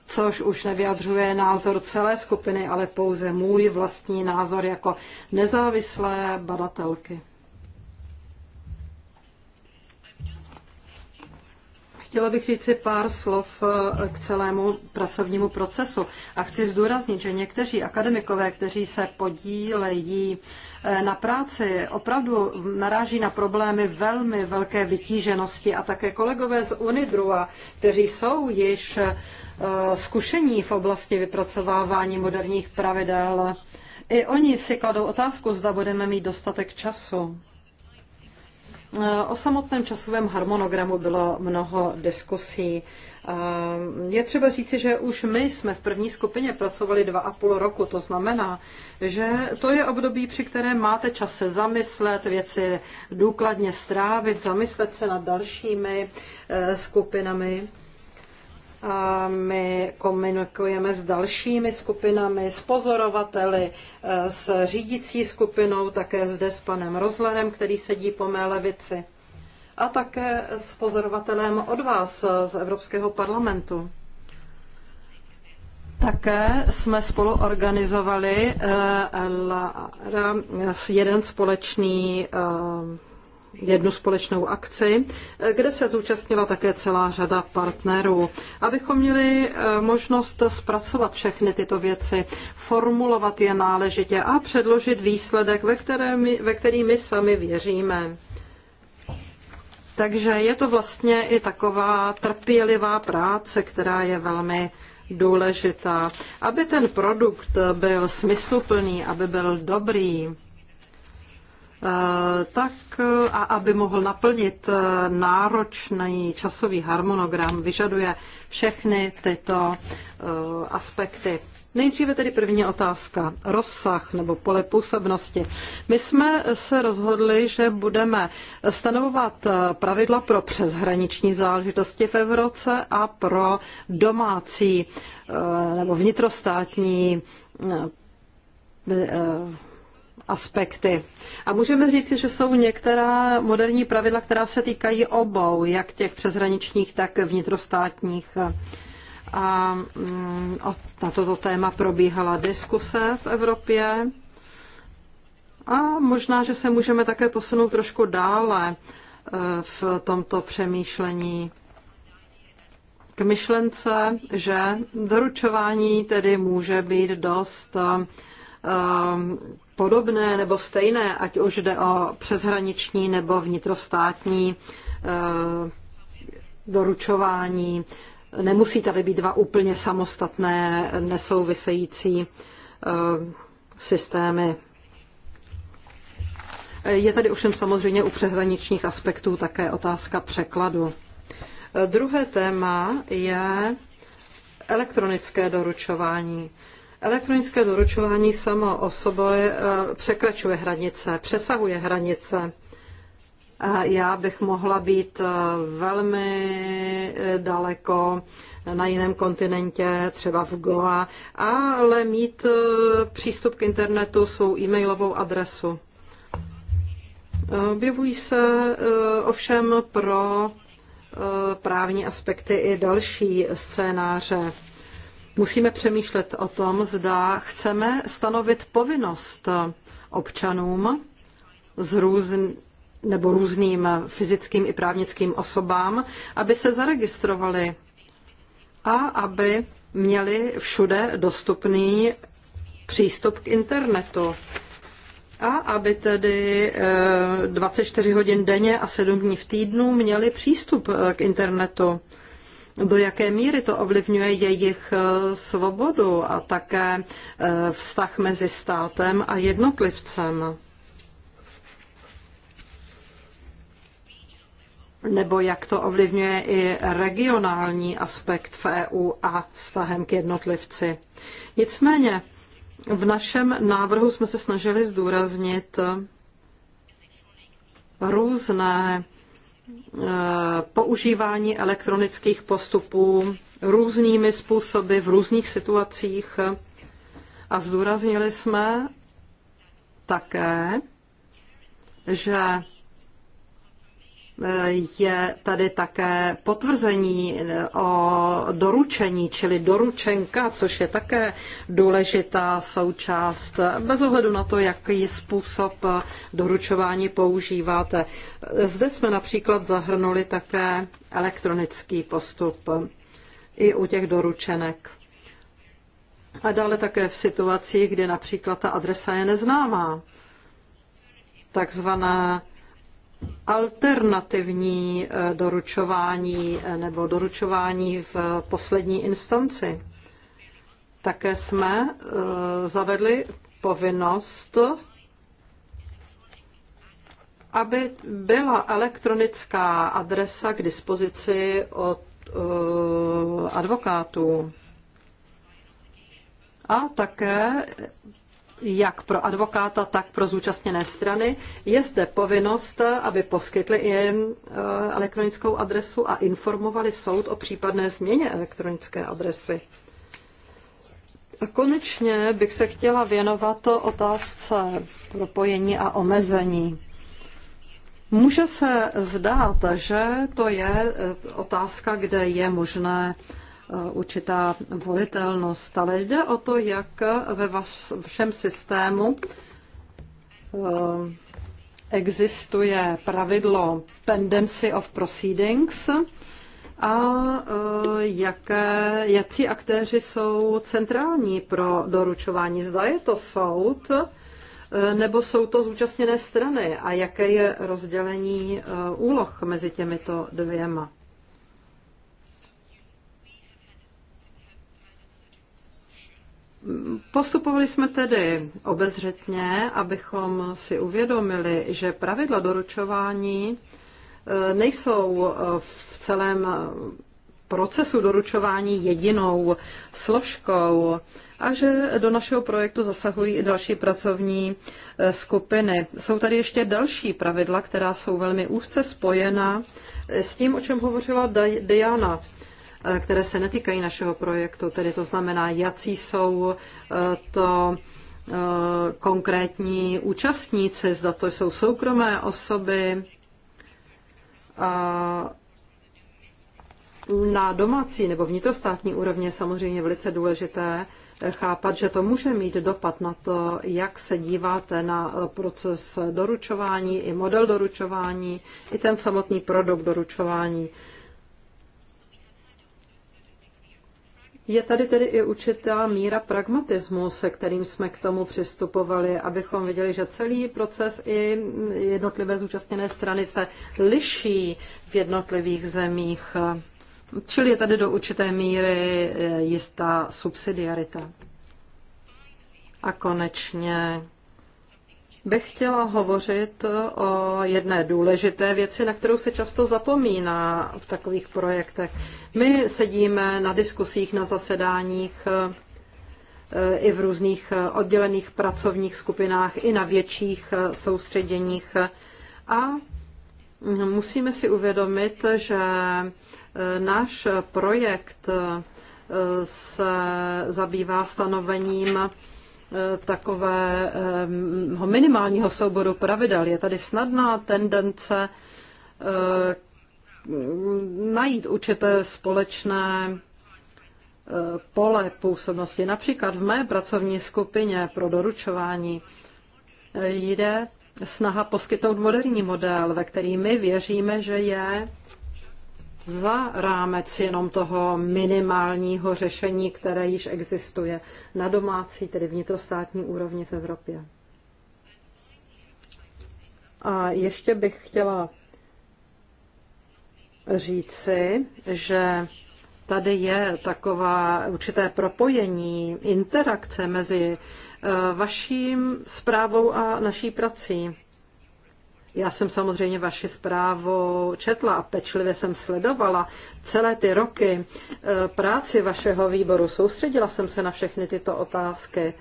což už nevyjadřuje názor celé skupiny, ale pouze můj vlastní názor jako nezávislé badatelky. Chtěla bych říct si pár slov eh, k celému pracovnímu procesu a chci zdůraznit, že někteří akademikové, kteří se podílejí Eh, na práci opravdu naráží na problémy velmi velké vytíženosti a také kolegové z Unidrua, kteří jsou již eh, zkušení v oblasti vypracovávání moderních pravidel, i oni si kladou otázku, zda budeme mít dostatek času. Eh, o samotném časovém harmonogramu bylo mnoho diskusí. Eh, je třeba říci, že už my jsme v první skupině pracovali dva a půl roku, to znamená, že to je období, při kterém máte čas se zamyslet, věci důkladně strávit, zamyslet se nad dalšími eh, skupinami. A my komunikujeme s dalšími skupinami, s pozorovateli, eh, s řídící skupinou, také zde s panem Rozlerem, který sedí po mé levici a také s pozorovatelem od vás z Evropského parlamentu. Také jsme spolu organizovali eh, eh, jeden společný eh, jednu společnou akci, kde se zúčastnila také celá řada partnerů. Abychom měli možnost zpracovat všechny tyto věci, formulovat je náležitě a předložit výsledek, ve, které my, ve který my sami věříme. Takže je to vlastně i taková trpělivá práce, která je velmi důležitá. Aby ten produkt byl smysluplný, aby byl dobrý, eh, tak a aby mohl naplnit eh, náročný časový harmonogram, vyžaduje všechny tyto eh, aspekty. Nejdříve tedy první otázka. Rozsah nebo pole působnosti. My jsme se rozhodli, že budeme stanovovat pravidla pro přeshraniční záležitosti v Evropce a pro domácí eh, nebo vnitrostátní eh, eh, aspekty. A můžeme říci, že jsou některá moderní pravidla, která se týkají obou, jak těch přeshraničních, tak vnitrostátních a mm, na toto téma probíhala diskuse v Evropě. A možná, že se můžeme také posunout trošku dále e, v tomto přemýšlení k myšlence, že doručování tedy může být dost e, podobné nebo stejné, ať už jde o přeshraniční nebo vnitrostátní e, doručování. Nemusí tady být dva úplně samostatné, nesouvisející eh, systémy. Eh, je tady ovšem samozřejmě u přehraničních aspektů také otázka překladu. Eh, druhé téma je elektronické doručování. Elektronické doručování samo o sobě překračuje hranice, přesahuje hranice já bych mohla být eh, velmi eh, daleko eh, na jiném kontinentě, třeba v Goa, ale mít přístup k internetu, svou e-mailovou adresu. Objevují se ovšem pro právní aspekty i další scénáře. Musíme přemýšlet o tom, zda chceme stanovit povinnost občanům z různých nebo různým fyzickým i právnickým osobám, aby se zaregistrovali a aby měli všude dostupný přístup k internetu a aby tedy 24 eh, hodin denně a 7 dní v týdnu měli přístup eh, k internetu. Do jaké míry to ovlivňuje jejich eh, svobodu a také vztah mezi státem a jednotlivcem? nebo jak to ovlivňuje i regionální aspekt v EU a vztahem k jednotlivci. Nicméně v našem návrhu jsme se snažili zdůraznit různé eh, používání elektronických postupů různými způsoby v různých situacích a zdůraznili jsme také, že je tady také potvrzení eh, o doručení, čili doručenka, což je také důležitá součást, bez ohledu na to, jaký způsob doručování používáte. Zde jsme například zahrnuli také elektronický postup i u těch doručenek. A dále také v situacích, kdy například ta adresa je neznámá. Takzvaná alternativní eh, doručování eh, nebo doručování v poslední instanci. Také jsme eh, zavedli povinnost, aby byla elektronická adresa k dispozici od advokátů. A také jak pro advokáta, tak pro zúčastněné strany, je zde povinnost, aby poskytli i eh, elektronickou adresu a informovali soud o případné změně elektronické adresy. A konečně bych se chtěla věnovat otázce propojení a omezení. Může se zdát, že to je eh, otázka, kde je možné Eh, určitá volitelnost, ale jde o to, jak ve vašem systému eh, existuje pravidlo pendency of proceedings a eh, jaké, jací aktéři jsou centrální pro doručování. Zda je to soud, nebo jsou to zúčastněné strany a jaké je rozdělení úloh mezi těmito dvěma. Postupovali jsme tedy obezřetně, abychom si uvědomili, že pravidla doručování e, nejsou e, v celém procesu doručování jedinou složkou a že do našeho projektu zasahují i další pracovní e, skupiny. Jsou tady ještě další pravidla, která jsou velmi úzce spojena s tím, o čem hovořila Diana Eh, které se netýkají našeho projektu, tedy to znamená, jací jsou eh, to eh, konkrétní účastníci, zda to jsou soukromé osoby. na domácí nebo vnitrostátní úrovni je samozřejmě velice důležité chápat, že to může mít dopad na to, jak se díváte na proces doručování, i model doručování, i ten samotný produkt doručování. Je tady tedy i určitá míra pragmatismu, se kterým jsme k tomu přistupovali, abychom viděli, že celý proces i jednotlivé zúčastněné strany se liší v jednotlivých zemích. Čili je tady do určité míry eh, jistá subsidiarita. A konečně bych chtěla hovořit o jedné důležité věci, na kterou se často zapomíná v takových projektech. My sedíme na diskusích, na zasedáních eh, i v různých eh, oddělených pracovních skupinách, i na větších eh, soustředěních. A musíme si uvědomit, že náš projekt se zabývá stanovením Eh, takového eh, minimálního souboru pravidel. Je tady snadná tendence eh, najít určité společné pole působnosti. Například v mé pracovní skupině pro doručování jde snaha poskytnout moderní model, ve který my věříme, že je za rámec jenom toho minimálního řešení, které již existuje na domácí, tedy vnitrostátní úrovni v Evropě. A ještě bych chtěla říci, že tady je taková určité propojení, interakce mezi eh, vaším zprávou a naší prací. Já jsem samozřejmě vaši zprávu četla a pečlivě jsem sledovala celé ty roky eh, práci vašeho výboru. Soustředila jsem se na všechny tyto otázky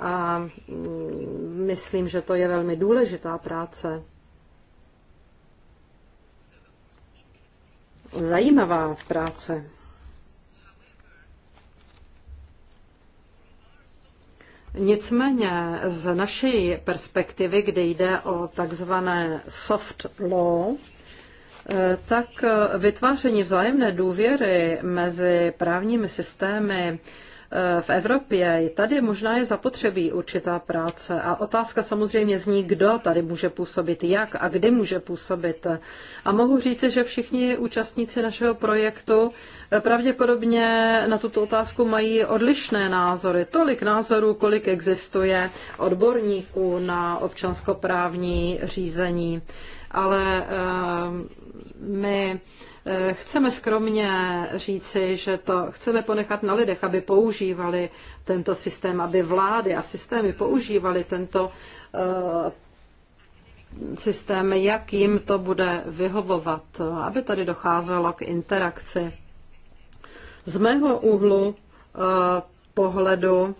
a mm, myslím, že to je velmi důležitá práce. Zajímavá práce. Nicméně z naší perspektivy, kde jde o takzvané soft law, eh, tak eh, vytváření vzájemné důvěry mezi právními systémy v Evropě. Tady možná je zapotřebí určitá práce a otázka samozřejmě zní, kdo tady může působit, jak a kdy může působit. A mohu říct, že všichni účastníci našeho projektu pravděpodobně na tuto otázku mají odlišné názory. Tolik názorů, kolik existuje odborníků na občanskoprávní řízení. Ale eh, my Eh, chceme skromně říci, že to chceme ponechat na lidech, aby používali tento systém, aby vlády a systémy používali tento eh, systém, jak jim to bude vyhovovat, aby tady docházelo k interakci. Z mého úhlu eh, pohledu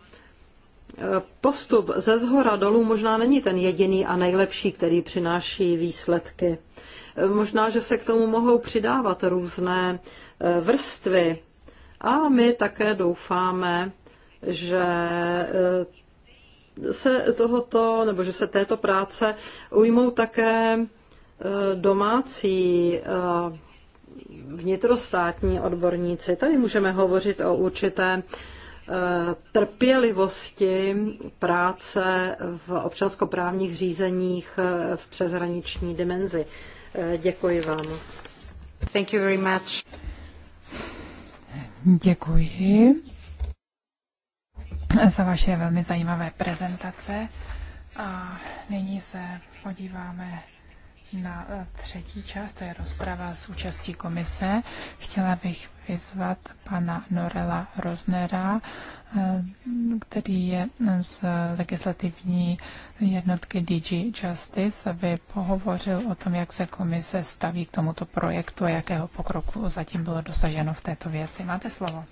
postup ze zhora dolů možná není ten jediný a nejlepší, který přináší výsledky. Možná, že se k tomu mohou přidávat různé e, vrstvy. A my také doufáme, že e, se tohoto, nebo že se této práce ujmou také e, domácí vnitrostátní odborníci. Tady můžeme hovořit o určité trpělivosti práce v občanskoprávních řízeních v přeshraniční dimenzi. Eh, děkuji vám. Thank you very much. Děkuji za vaše velmi zajímavé prezentace. A nyní se podíváme na e, třetí část, to je rozprava s účastí komise. Chtěla bych vyzvat pana Norela Roznera, e, který je z legislativní jednotky DG Justice, aby pohovořil o tom, jak se komise staví k tomuto projektu a jakého pokroku zatím bylo dosaženo v této věci. Máte slovo.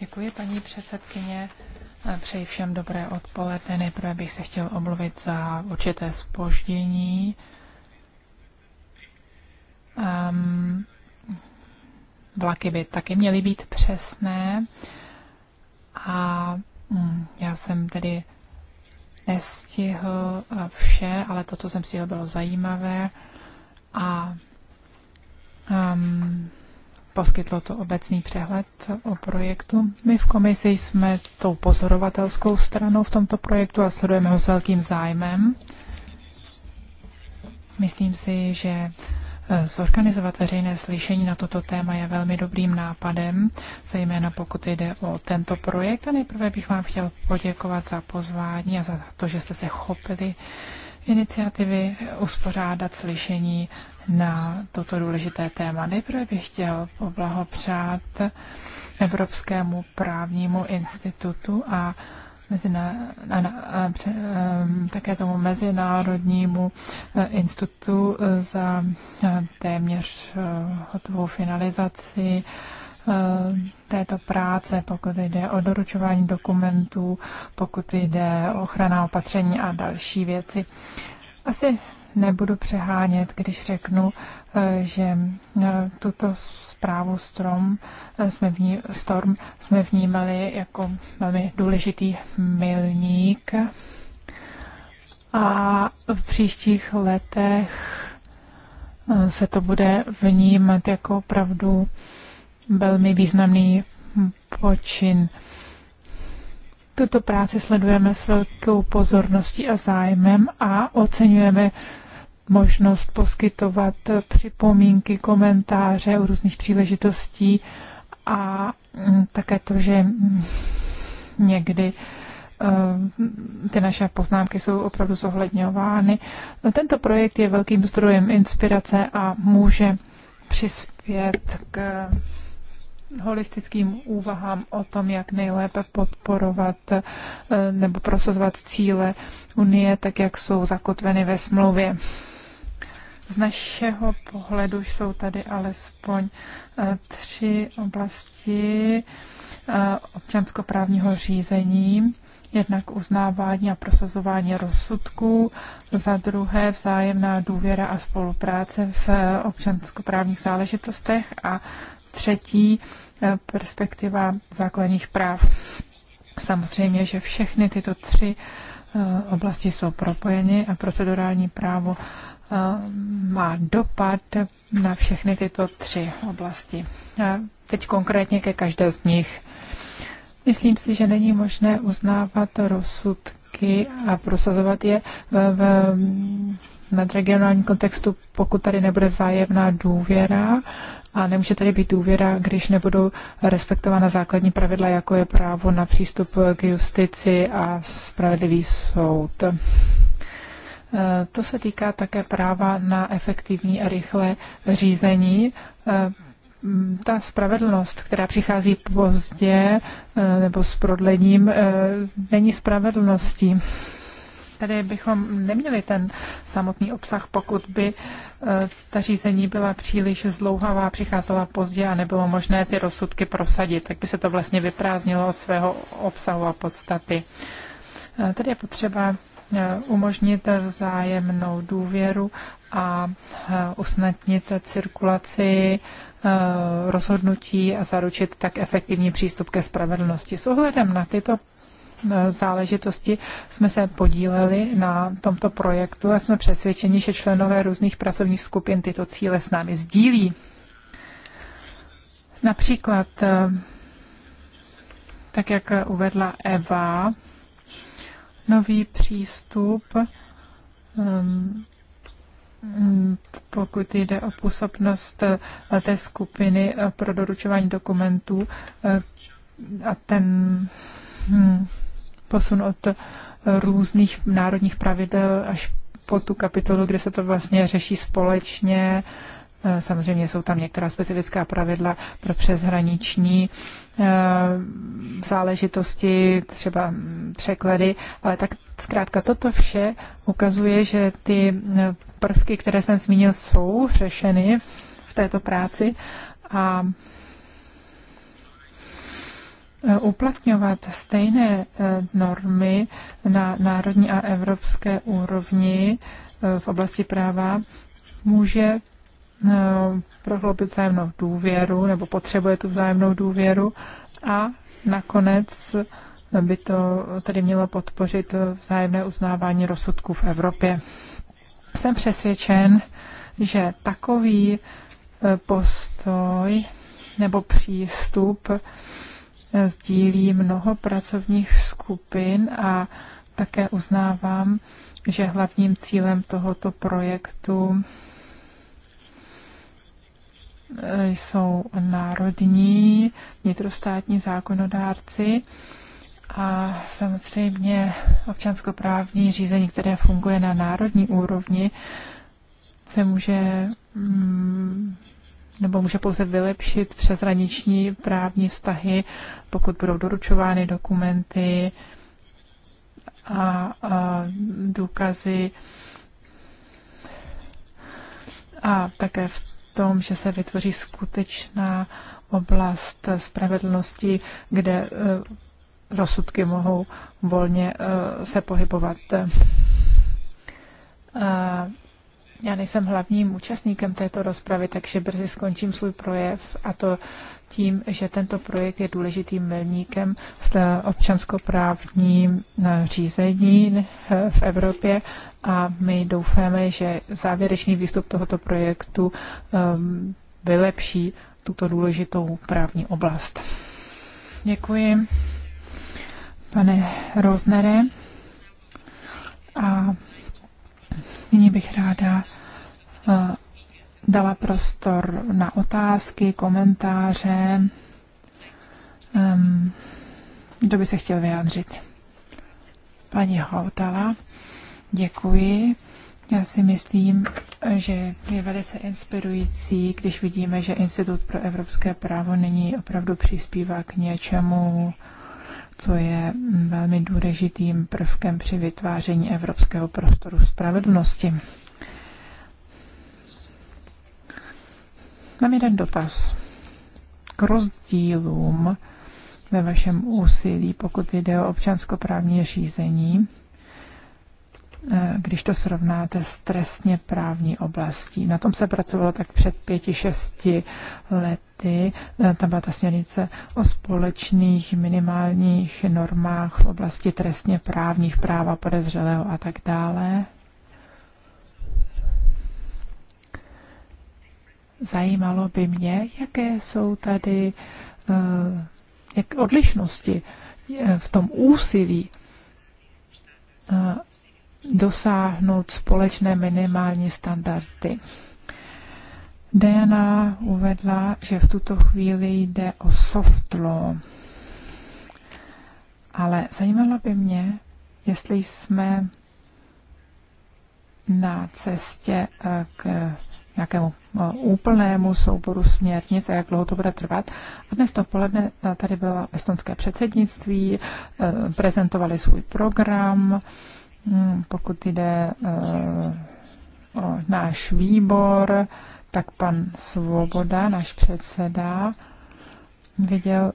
Děkuji, paní předsedkyně. Přeji všem dobré odpoledne. Nejprve bych se chtěl omluvit za určité spoždění um, vlaky by taky měly být přesné. A um, já jsem tedy nestihl eh, vše, ale to, co jsem stihl, bylo zajímavé a um, poskytlo to obecný přehled o projektu. My v komisi jsme tou pozorovatelskou stranou v tomto projektu a sledujeme ho s velkým zájmem. Myslím si, že Eh, zorganizovat veřejné slyšení na toto téma je velmi dobrým nápadem, zejména pokud jde o tento projekt. A nejprve bych vám chtěl poděkovat za pozvání a za to, že jste se chopili iniciativy uspořádat slyšení na toto důležité téma. Nejprve bych chtěl poblahopřát Evropskému právnímu institutu a mezina, na, na, pře, ehm, také tomu Mezinárodnímu eh, institutu eh, za eh, téměř hotovou finalizaci této práce, pokud jde o doručování dokumentů, pokud jde o ochrana opatření a další věci. Asi nebudu přehánět, když řeknu, eh, že eh, tuto zprávu Strom eh, jsme vní, Storm jsme vnímali jako velmi důležitý milník a v příštích letech se to bude vnímat jako opravdu velmi významný počin. Tuto práci sledujeme s velkou pozorností a zájmem a oceňujeme možnost poskytovat připomínky, komentáře u různých příležitostí a mm, také to, že mm, někdy eh, ty naše poznámky jsou opravdu zohledňovány. Tento projekt je velkým zdrojem inspirace a může přispět k holistickým úvahám o tom, jak nejlépe podporovat eh, nebo prosazovat cíle Unie, tak jak jsou zakotveny ve smlouvě. Z našeho pohledu jsou tady alespoň eh, tři oblasti eh, občanskoprávního řízení. Jednak uznávání a prosazování rozsudků, za druhé vzájemná důvěra a spolupráce v eh, občanskoprávních záležitostech a třetí perspektiva základních práv. Samozřejmě, že všechny tyto tři oblasti jsou propojeny a procedurální právo Eh, má dopad na všechny tyto tři oblasti. A eh, teď konkrétně ke každé z nich. Myslím si, že není možné uznávat rozsudky a prosazovat je v, v nadregionálním kontextu, pokud tady nebude vzájemná důvěra a nemůže tady být důvěra, když nebudou respektována základní pravidla, jako je právo na přístup k justici a spravedlivý soud. Eh, to se týká také práva na efektivní a rychlé řízení. Eh, ta spravedlnost, která přichází pozdě eh, nebo s prodlením, není spravedlností. Tady bychom neměli ten samotný obsah, pokud by ta řízení byla příliš zlouhavá, přicházela pozdě a nebylo možné ty rozsudky prosadit, tak by se to vlastně vyprázdnilo od svého obsahu a podstaty. Tady je potřeba Eh, umožnit vzájemnou důvěru a eh, usnadnit cirkulaci eh, rozhodnutí a zaručit tak efektivní přístup ke spravedlnosti. S ohledem na tyto záležitosti jsme se podíleli na tomto projektu a jsme přesvědčeni, že členové různých pracovních skupin tyto cíle s námi sdílí. Například, tak jak uvedla Eva, nový přístup, um, mm, pokud jde o působnost eh, té skupiny eh, pro doručování dokumentů eh, a ten hm, posun od různých národních pravidel až po tu kapitolu, kde se to vlastně řeší společně Eh, samozřejmě jsou tam některá specifická pravidla pro přeshraniční eh, záležitosti, třeba mm, překlady, ale tak zkrátka toto vše ukazuje, že ty eh, prvky, které jsem zmínil, jsou řešeny v této práci a uplatňovat stejné normy na národní a evropské úrovni v oblasti práva může Eh, prohloubit vzájemnou důvěru nebo potřebuje tu vzájemnou důvěru a nakonec by to tedy mělo podpořit vzájemné uznávání rozsudků v Evropě. Jsem přesvědčen, že takový eh, postoj nebo přístup eh, sdílí mnoho pracovních skupin a také uznávám, že hlavním cílem tohoto projektu jsou národní vnitrostátní zákonodárci a samozřejmě občanskoprávní řízení, které funguje na národní úrovni, se může mm, nebo může pouze vylepšit přeshraniční právní vztahy, pokud budou doručovány dokumenty a, a důkazy. A také v tom, že se vytvoří skutečná oblast spravedlnosti, kde e, rozsudky mohou volně e, se pohybovat. E, já nejsem hlavním účastníkem této rozpravy, takže brzy skončím svůj projev a to tím, že tento projekt je důležitým milníkem v občanskoprávním eh, řízení eh, v Evropě a my doufáme, že závěrečný výstup tohoto projektu ehm, vylepší tuto důležitou právní oblast. Děkuji, pane Roznere. A nyní bych ráda Eh, dala prostor na otázky, komentáře. Ehm, kdo by se chtěl vyjádřit? Paní Houtala, děkuji. Já si myslím, že je velice inspirující, když vidíme, že Institut pro evropské právo není opravdu přispívá k něčemu, co je velmi důležitým prvkem při vytváření evropského prostoru spravedlnosti. Mám jeden dotaz. K rozdílům ve vašem úsilí, pokud jde o občanskoprávní řízení, eh, když to srovnáte s trestně právní oblastí. Na tom se pracovalo tak před pěti, šesti lety. Eh, tam byla ta směrnice o společných minimálních normách v oblasti trestně právních práva podezřelého a tak dále. zajímalo by mě, jaké jsou tady eh, jak odlišnosti eh, v tom úsilí eh, dosáhnout společné minimální standardy. Diana uvedla, že v tuto chvíli jde o soft law. Ale zajímalo by mě, jestli jsme na cestě eh, k nějakému eh, úplnému souboru směrnic a jak dlouho to bude trvat. A dnes dopoledne eh, tady bylo estonské předsednictví, prezentovali svůj program, hmm, pokud jde o náš výbor, tak pan Svoboda, náš předseda, viděl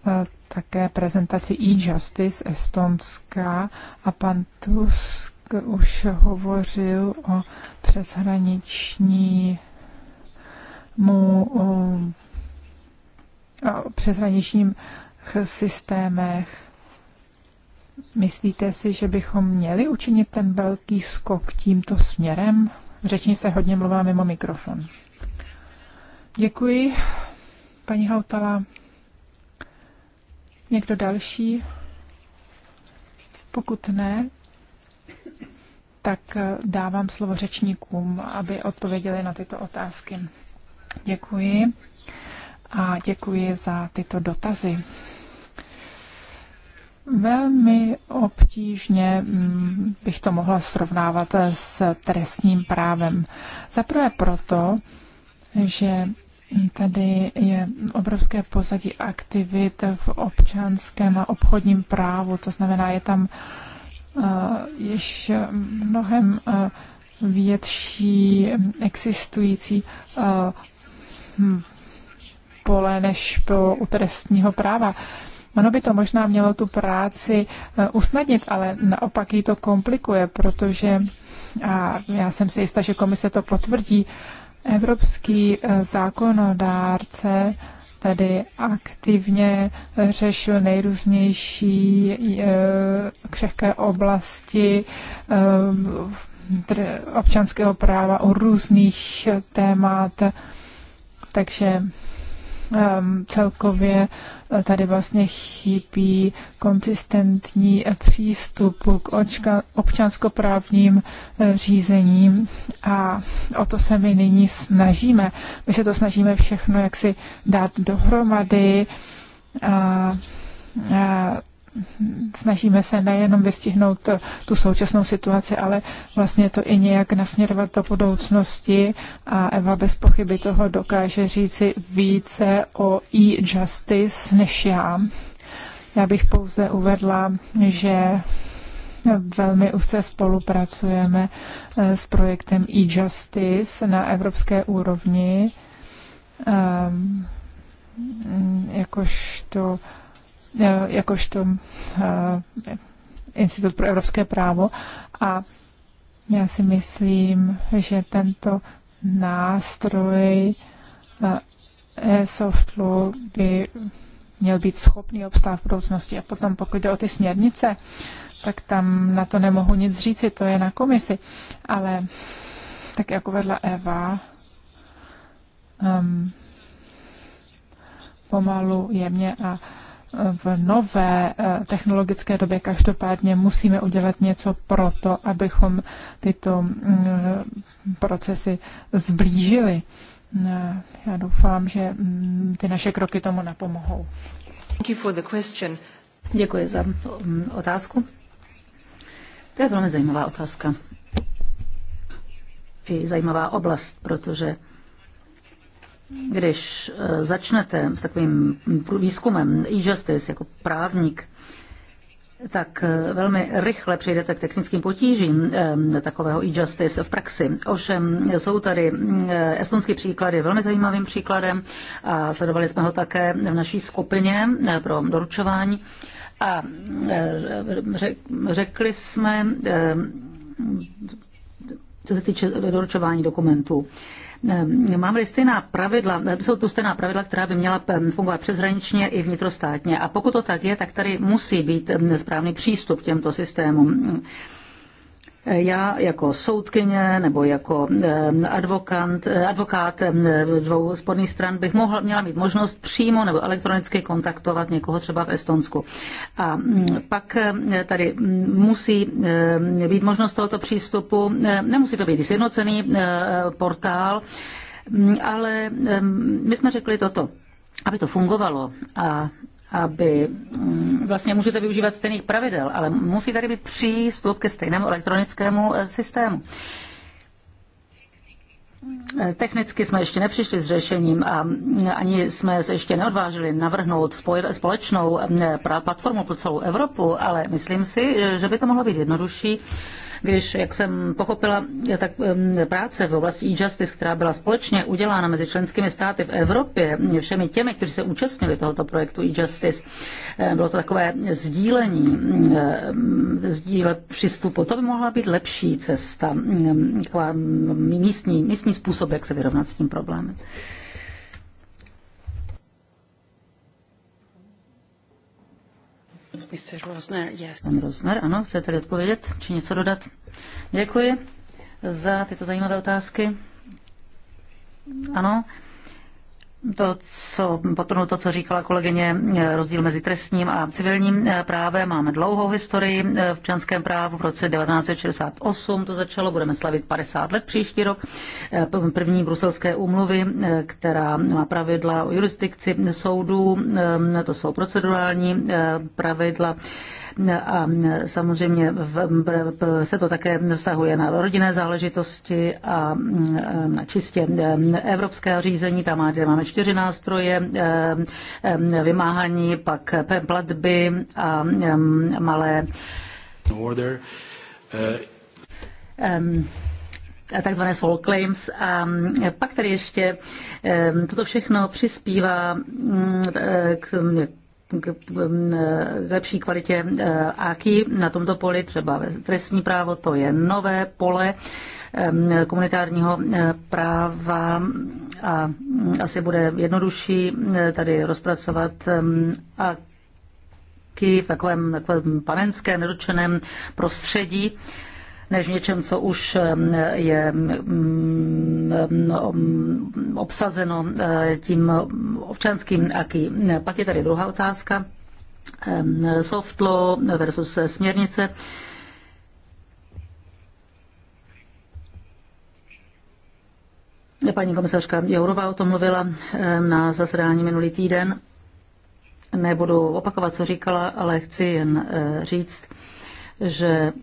také prezentaci e-justice Estonska a pan Tusk už hovořil o mu o, o přeshraničním systémech. Myslíte si, že bychom měli učinit ten velký skok tímto směrem? Řeční se hodně mluvá mimo mikrofon. Děkuji, paní Hautala. Někdo další? Pokud ne, tak eh, dávám slovo řečníkům, aby odpověděli na tyto otázky. Děkuji a děkuji za tyto dotazy. Velmi obtížně mm, bych to mohla srovnávat s trestním právem. Zaprvé proto, že Tady je obrovské pozadí aktivit v občanském a obchodním právu, to znamená, je tam Eh, již mnohem eh, větší existující eh, hm, pole než pro u trestního práva. Ono by to možná mělo tu práci usnadnit, ale naopak ji to komplikuje, protože, a já jsem si jistá, že komise to potvrdí, evropský zákonodárce tady aktivně řešil nejrůznější eh, křehké oblasti eh, občanského práva o různých témat. Takže Ehm, celkově eh, tady vlastně chybí konzistentní eh, přístup k očka, občanskoprávním eh, řízením a o to se my nyní snažíme. My se to snažíme všechno jaksi dát dohromady a, a snažíme se nejenom vystihnout tu současnou situaci, ale vlastně to i nějak nasměrovat do budoucnosti a Eva bez pochyby toho dokáže říci více o e-justice než já. Já bych pouze uvedla, že velmi úzce spolupracujeme eh, s projektem e-justice na evropské úrovni, ehm, jakož to Eh, jakožto eh, Institut pro evropské právo a já si myslím, že tento nástroj eh, e-soft by měl být schopný obstát v budoucnosti. A potom, pokud jde o ty směrnice, tak tam na to nemohu nic říci, to je na komisi. Ale tak jako vedla Eva, um, pomalu, jemně a v nové eh, technologické době každopádně musíme udělat něco pro to, abychom tyto mm, procesy zblížili. Eh, já doufám, že mm, ty naše kroky tomu napomohou. Děkuji za mm, otázku. To je velmi zajímavá otázka. I zajímavá oblast, protože když eh, začnete s takovým výzkumem e-justice jako právník, tak eh, velmi rychle přejdete k technickým potížím eh, takového e-justice v praxi. Ovšem jsou tady estonský příklad, je velmi zajímavým příkladem a sledovali jsme ho také v naší skupině pro doručování. A řekli jsme, co se týče doručování dokumentů, Ehm, Mám li stejná pravidla, jsou tu stejná pravidla, která by měla ehm, fungovat přeshraničně i vnitrostátně. A pokud to tak je, tak tady musí být ehm, správný přístup k těmto systémům. Já jako soudkyně nebo jako advokant, eh, advokát dvou sporných stran bych mohla, měla mít možnost přímo nebo elektronicky kontaktovat někoho třeba v Estonsku. A mm, pak tady mm, musí být možnost tohoto přístupu, nemusí to být sjednocený eh, portál, mm, ale my jsme řekli toto. Aby to fungovalo a aby mm, vlastně můžete využívat stejných pravidel, ale musí tady být přístup ke stejnému elektronickému eh, systému. Eh, technicky jsme ještě nepřišli s řešením a mm, ani jsme se ještě neodvážili navrhnout společnou mm, platformu pro celou Evropu, ale myslím si, že by to mohlo být jednodušší když, jak jsem pochopila, tak práce v oblasti e-justice, která byla společně udělána mezi členskými státy v Evropě, všemi těmi, kteří se účastnili tohoto projektu e-justice, bylo to takové sdílení, sdíle přístupu. To by mohla být lepší cesta, místní, místní způsob, jak se vyrovnat s tím problémem. Mr. Rosner, yes. Pan Rosner, ano, chcete tady odpovědět či něco dodat? Děkuji za tyto zajímavé otázky. Ano to, co potom to, co říkala kolegyně, eh, rozdíl mezi trestním a civilním eh, právem. Máme dlouhou historii eh, v členském právu. V roce 1968 to začalo, budeme slavit 50 let příští rok. První bruselské úmluvy, která má pravidla o jurisdikci soudů, to jsou procedurální pravidla No a mm, samozřejmě se to také vztahuje na rodinné záležitosti a mm, na čistě mm, evropské řízení. Tam máme čtyři nástroje, vymáhání, pak platby a malé order. Um, takzvané small claims. A pak tady ještě eh, toto všechno přispívá eh, k k, lepší kvalitě eh, AKI na tomto poli, třeba trestní právo, to je nové pole komunitárního eh, práva a mm, asi bude jednodušší eh, tady rozpracovat AKI v takovém, takovém panenském, nedočeném prostředí než v něčem, co už mm, je mm, mm, obsazeno eh, tím občanským aký. Pak je tady druhá otázka. Ehm, soft law versus směrnice. Paní komisařka Jourová o tom mluvila ehm, na zasedání minulý týden. Nebudu opakovat, co říkala, ale chci jen eh, říct, že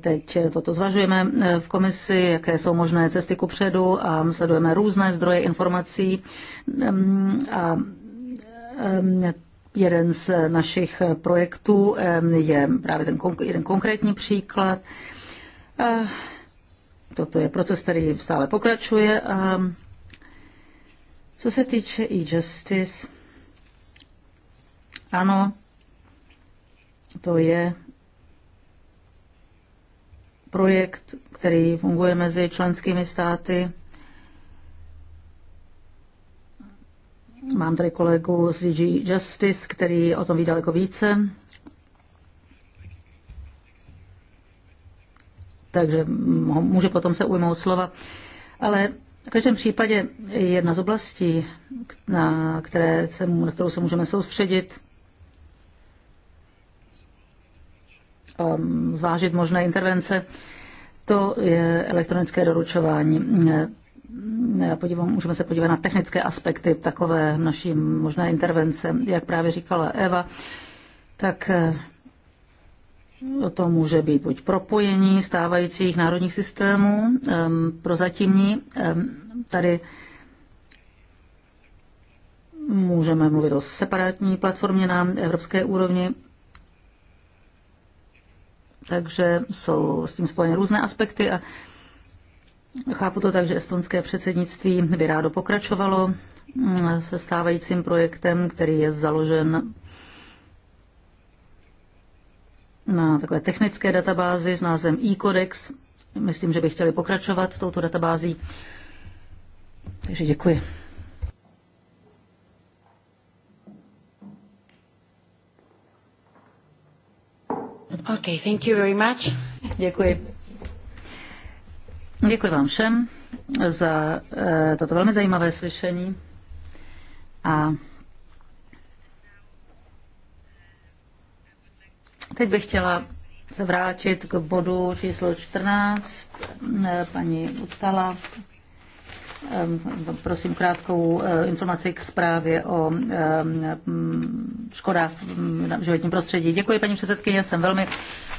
Teď toto zvažujeme v komisi, jaké jsou možné cesty ku předu a sledujeme různé zdroje informací. A e, jeden z našich projektů e, je právě ten jeden konkrétní příklad. Toto je proces, který stále pokračuje. A co se týče e-justice, ano, to je projekt, který funguje mezi členskými státy. Mám tady kolegu z DG Justice, který o tom ví daleko více. Takže může potom se ujmout slova. Ale v každém případě jedna z oblastí, na, které se, na kterou se můžeme soustředit, Um, zvážit možné intervence, to je elektronické doručování. Podívám, můžeme se podívat na technické aspekty takové naší možné intervence. Jak právě říkala Eva, tak eh, to může být buď propojení stávajících národních systémů, ehm, prozatímní. Ehm, tady můžeme mluvit o separátní platformě na evropské úrovni takže jsou s tím spojeny různé aspekty a chápu to tak, že estonské předsednictví by rádo pokračovalo mm, se stávajícím projektem, který je založen na takové technické databázi s názvem e-kodex. Myslím, že by chtěli pokračovat s touto databází. Takže děkuji. Okay, thank you very much. Děkuji. Děkuji vám všem za eh, toto velmi zajímavé slyšení. A teď bych chtěla se vrátit k bodu číslo 14. Eh, paní Utala Ehm, prosím krátkou eh, informaci k zprávě o ehm, škodách v mm, životním prostředí. Děkuji, paní předsedkyně, jsem velmi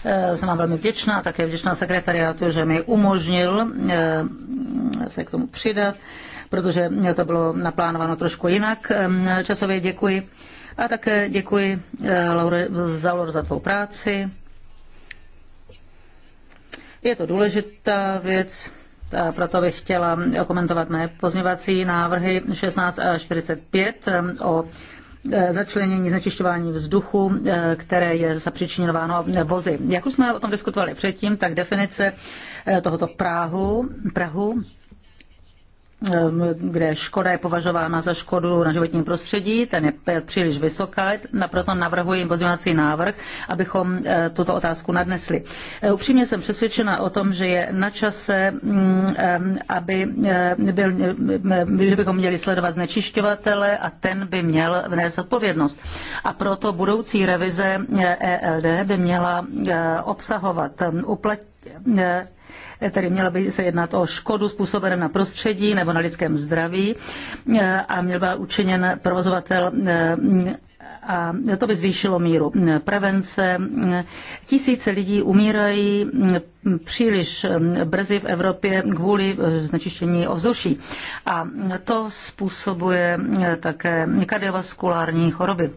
eh, jsem vám velmi vděčná, také vděčná sekretariátu, že mi umožnil eh, se k tomu přidat, protože to bylo naplánováno trošku jinak. Ehm, časově děkuji. A také děkuji Laure, za Laure za tvou práci. Je to důležitá věc proto bych chtěla komentovat mé pozněvací návrhy 16 a 45 um, o e, začlenění znečišťování vzduchu, e, které je zapříčinováno vozy. Jak už jsme o tom diskutovali předtím, tak definice e, tohoto Prahu, Prahu Ehm, kde škoda je považována za škodu na životním prostředí, ten je příliš vysoká, proto navrhuji pozměňovací návrh, abychom eh, tuto otázku nadnesli. Eh, upřímně jsem přesvědčena o tom, že je na čase, mm, ehm, aby eh, byl, by bychom měli sledovat znečišťovatele a ten by měl vnést odpovědnost. A proto budoucí revize ELD e by měla obsahovat ehm, uplat, tedy měla by se jednat o škodu způsobenou na prostředí nebo na lidském zdraví a měl by učiněn provozovatel a to by zvýšilo míru prevence. Tisíce lidí umírají příliš brzy v Evropě kvůli eh, znečištění ovzduší. A to způsobuje také kardiovaskulární choroby.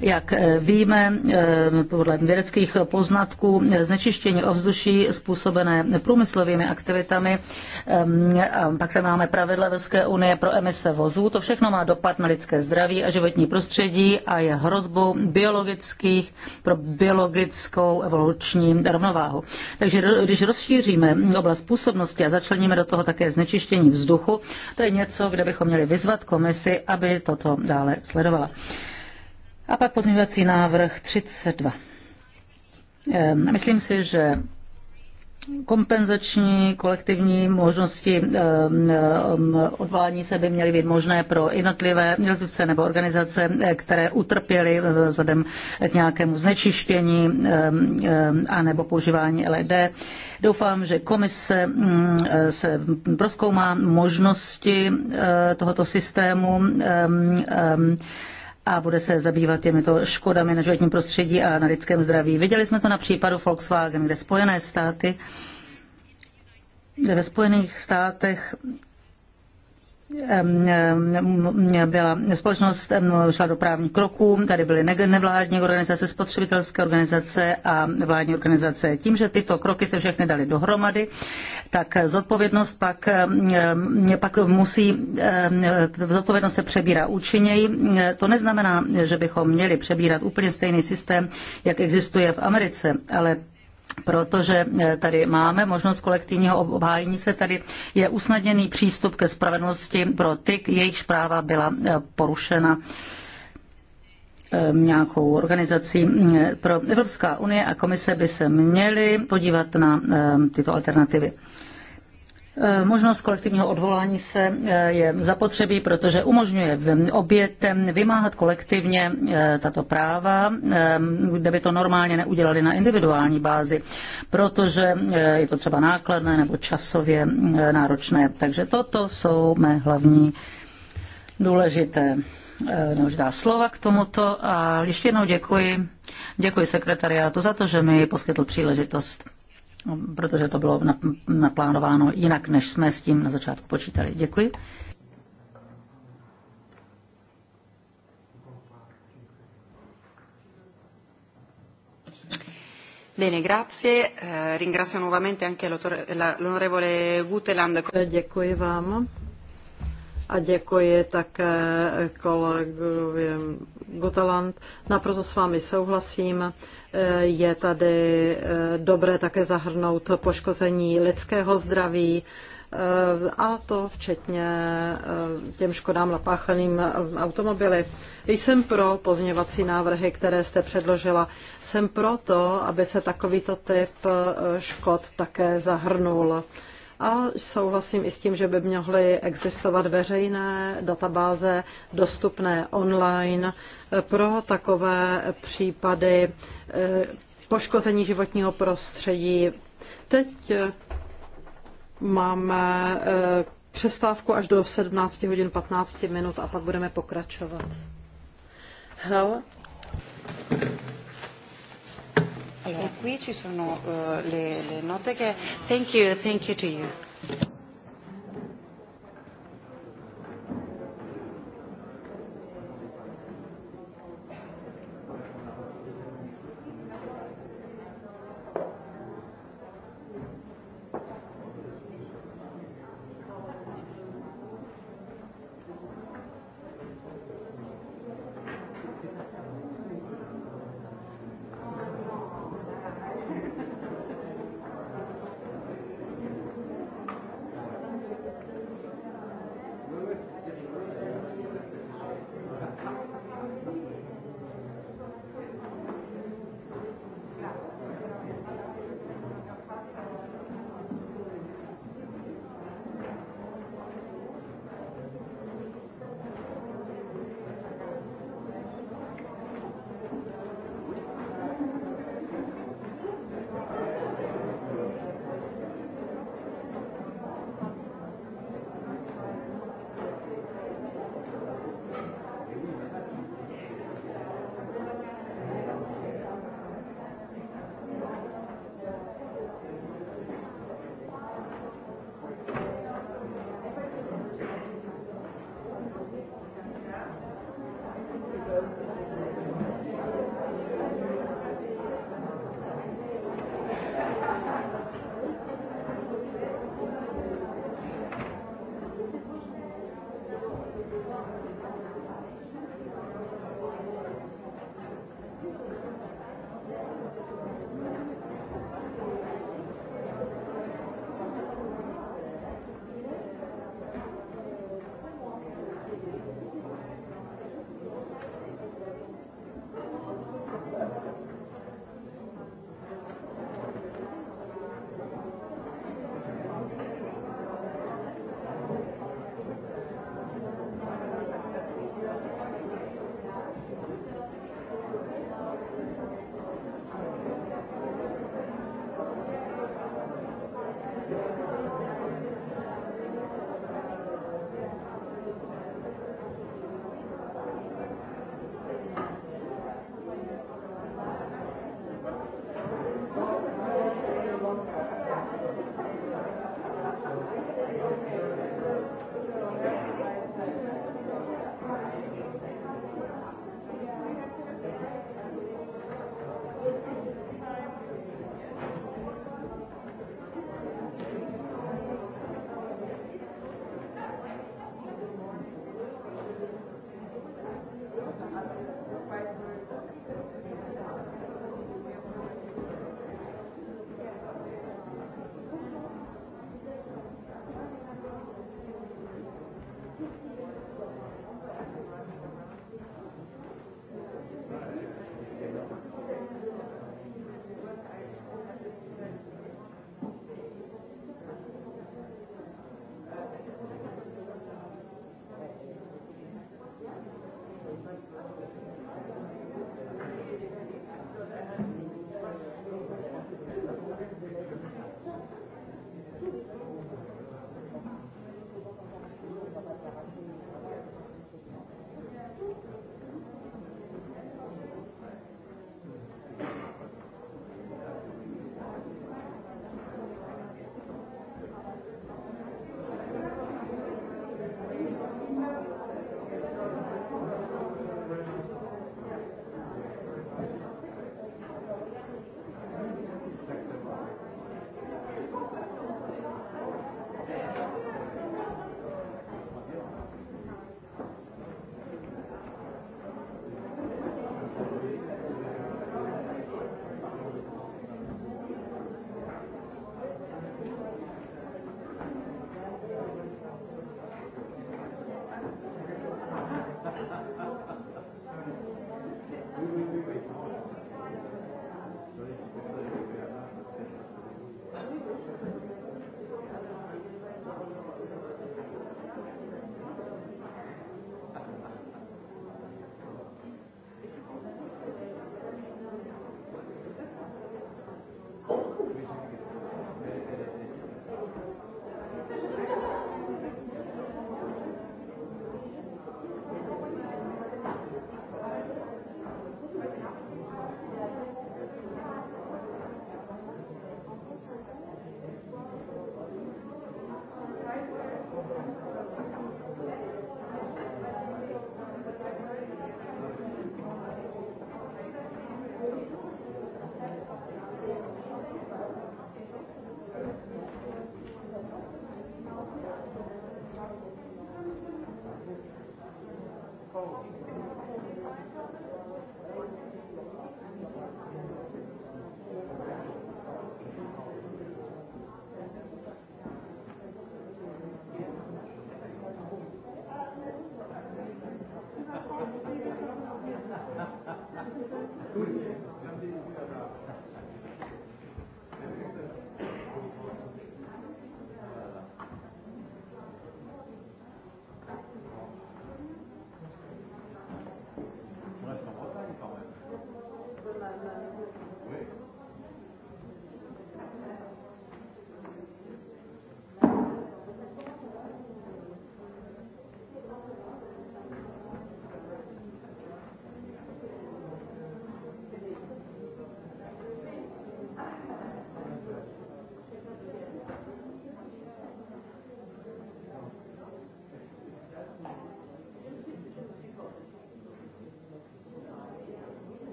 Jak eh, víme, eh, podle vědeckých poznatků, znečištění ovzduší způsobené průmyslovými aktivitami, eh, a pak tam máme pravidla Evropské unie pro emise vozů, to všechno má dopad na lidské zdraví a životní prostředí a je hrozbou biologických pro biologickou evoluční rovnováhu. Takže když rozšíříme oblast působnosti a začleníme do toho také znečištění vzduchu, to je něco, kde bychom měli vyzvat komisi, aby toto dále sledovala. A pak pozměňovací návrh 32. Ehm, myslím si, že kompenzační kolektivní možnosti ehm, ehm, odvolání se by měly být možné pro jednotlivé jednotlivce nebo organizace, eh, které utrpěly eh, vzhledem k nějakému znečištění a nebo používání LED. Doufám, že komise mm, eh, se proskoumá možnosti tohoto systému a bude se zabývat těmito škodami na životním prostředí a na lidském zdraví. Viděli jsme to na případu Volkswagen, kde Spojené státy kde ve Spojených státech byla společnost, šla do právních kroků, tady byly nevládní organizace, spotřebitelské organizace a vládní organizace. Tím, že tyto kroky se všechny daly dohromady, tak zodpovědnost pak, pak musí, zodpovědnost se přebírá účinněji. To neznamená, že bychom měli přebírat úplně stejný systém, jak existuje v Americe, ale protože eh, tady máme možnost kolektivního obhájení se, tady je usnadněný přístup ke spravedlnosti pro ty, jejichž práva byla eh, porušena eh, nějakou organizací pro Evropská unie a komise by se měly podívat na tyto alternativy. Eh, možnost kolektivního odvolání se eh, je zapotřebí, protože umožňuje obětem vymáhat kolektivně eh, tato práva, kde by to normálně neudělali na individuální bázi, protože je to třeba nákladné nebo časově náročné. Takže toto jsou mé hlavní důležité důležitá slova k tomuto a ještě jednou děkuji, děkuji sekretariátu za to, že mi poskytl příležitost No, protože to bylo naplánováno jinak, než jsme s tím na začátku počítali. Děkuji. Bene, grazie. Eh, ringrazio nuovamente anche l'onorevole Guteland. Děkuji vám. A děkuji také kolegovi Guteland. Naprosto s vámi souhlasím. Eh, je tady eh, dobré také zahrnout poškození lidského zdraví, eh, a to včetně těm škodám napáchaným automobily. Jsem pro pozněvací návrhy, které jste předložila. Jsem pro to, aby se takovýto typ škod také zahrnul. A souhlasím i s tím, že by měly existovat veřejné databáze dostupné online pro takové případy eh, poškození životního prostředí. Teď eh, máme eh, přestávku až do 17 hodin 15 minut a pak budeme pokračovat. Hello. Allora, e qui ci sono uh, le, le note che... Thank you, thank you to you.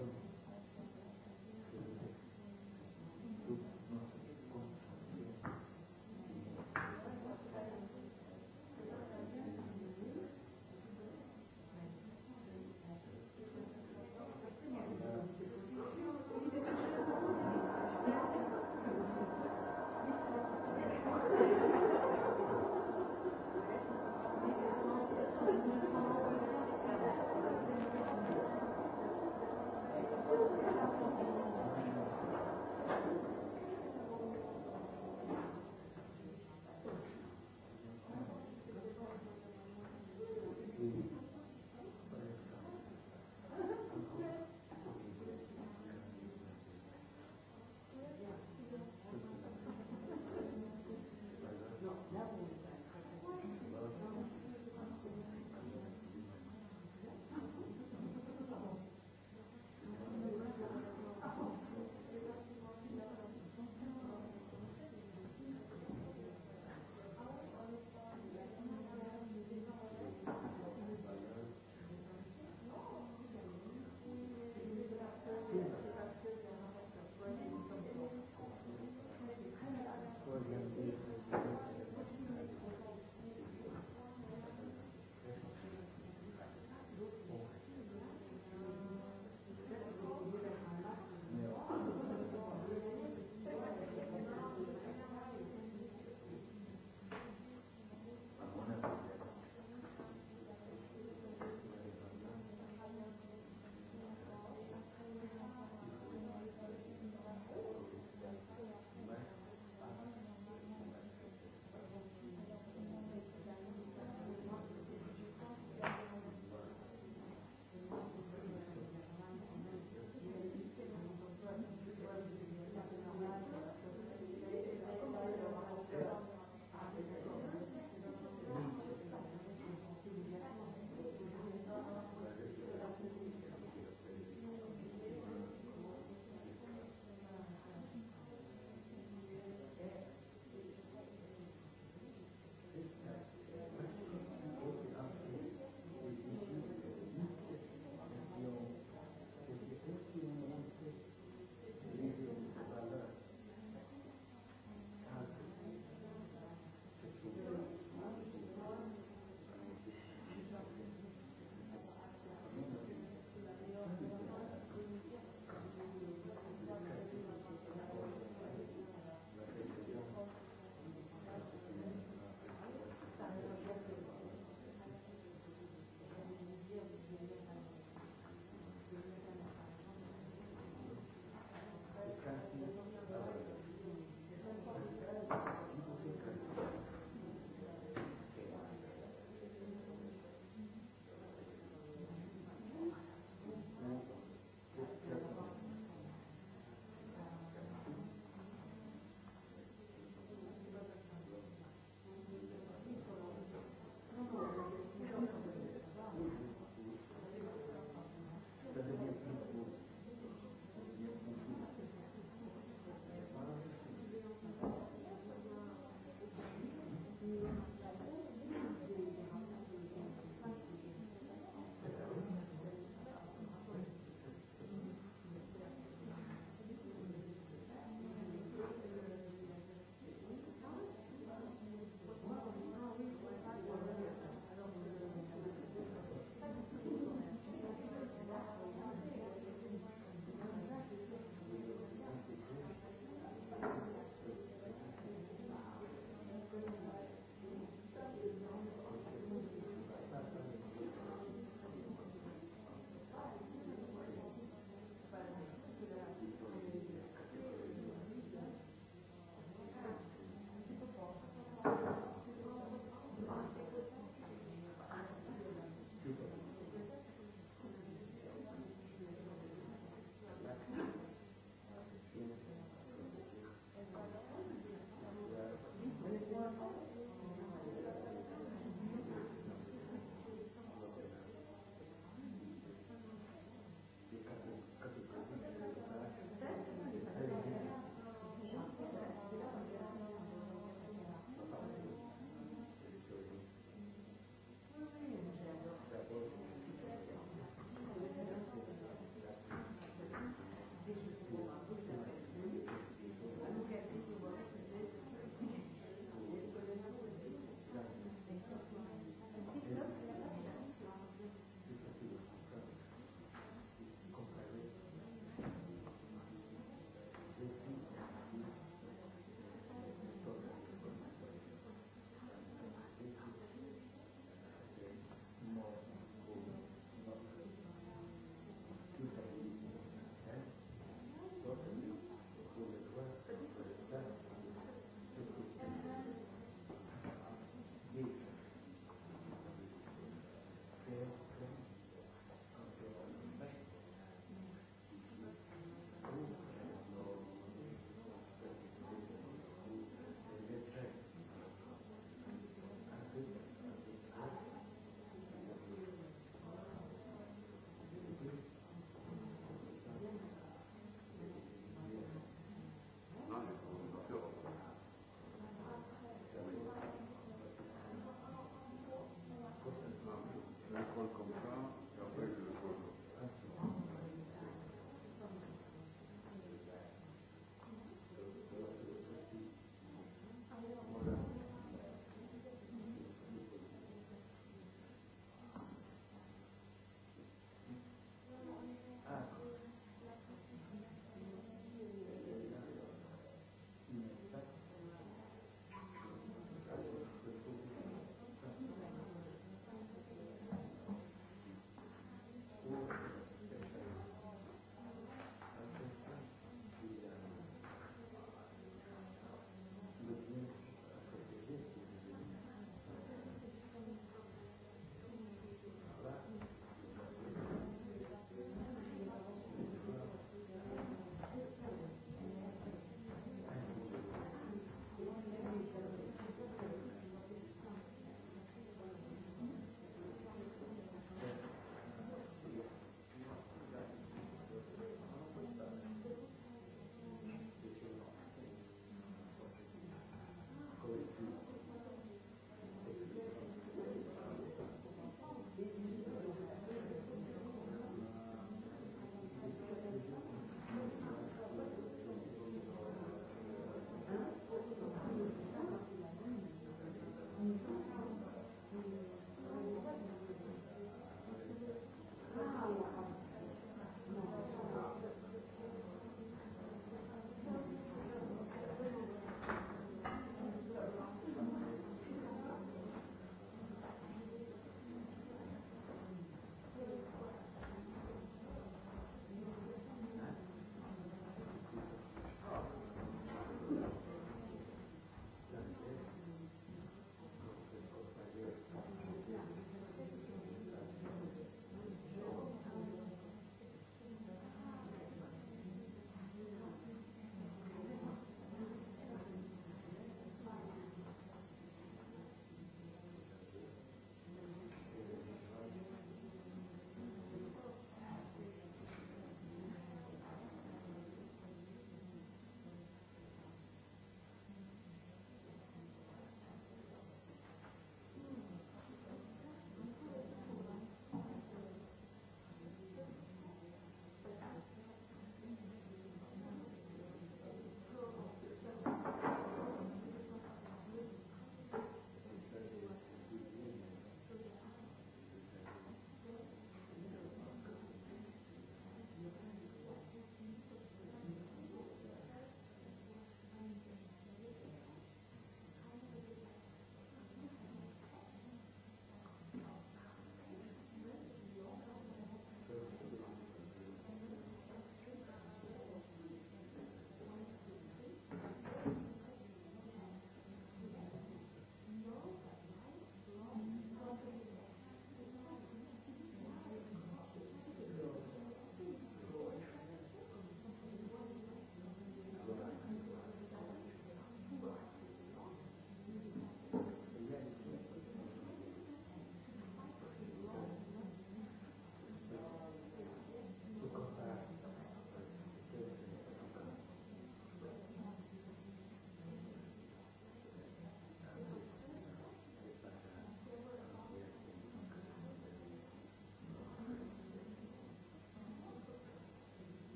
Thank you.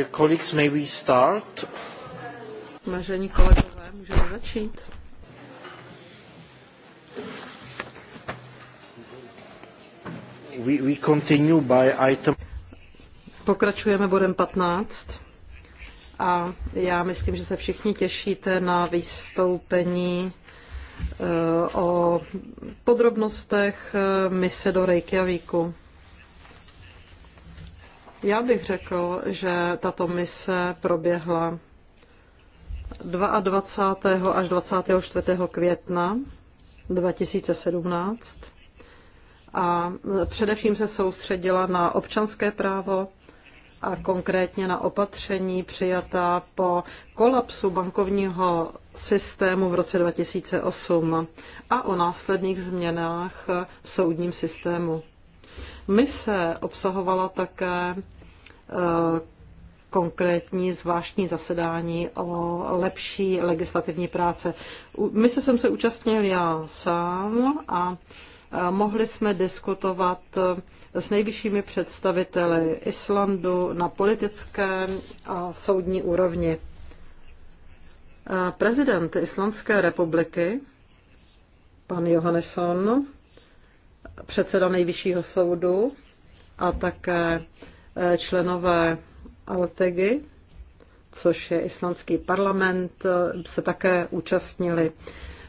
Dear colleagues, may we start? Vážení kolegové, můžeme začít. We, we continue by item... Pokračujeme bodem 15 a já myslím, že se všichni těšíte na vystoupení eh, o podrobnostech eh, mise do Reykjavíku. Já bych řekl, že tato mise proběhla 22. až 24. května 2017 a především se soustředila na občanské právo a konkrétně na opatření přijatá po kolapsu bankovního systému v roce 2008 a o následných změnách v soudním systému. Mise obsahovala také eh, konkrétní zvláštní zasedání o lepší legislativní práce. Mise jsem se účastnil já sám a eh, mohli jsme diskutovat eh, s nejvyššími představiteli Islandu na politické a soudní úrovni. Prezident Islandské republiky, pan Johannesson, předseda nejvyššího soudu a také eh, členové Altegy, což je islandský parlament, eh, se také účastnili.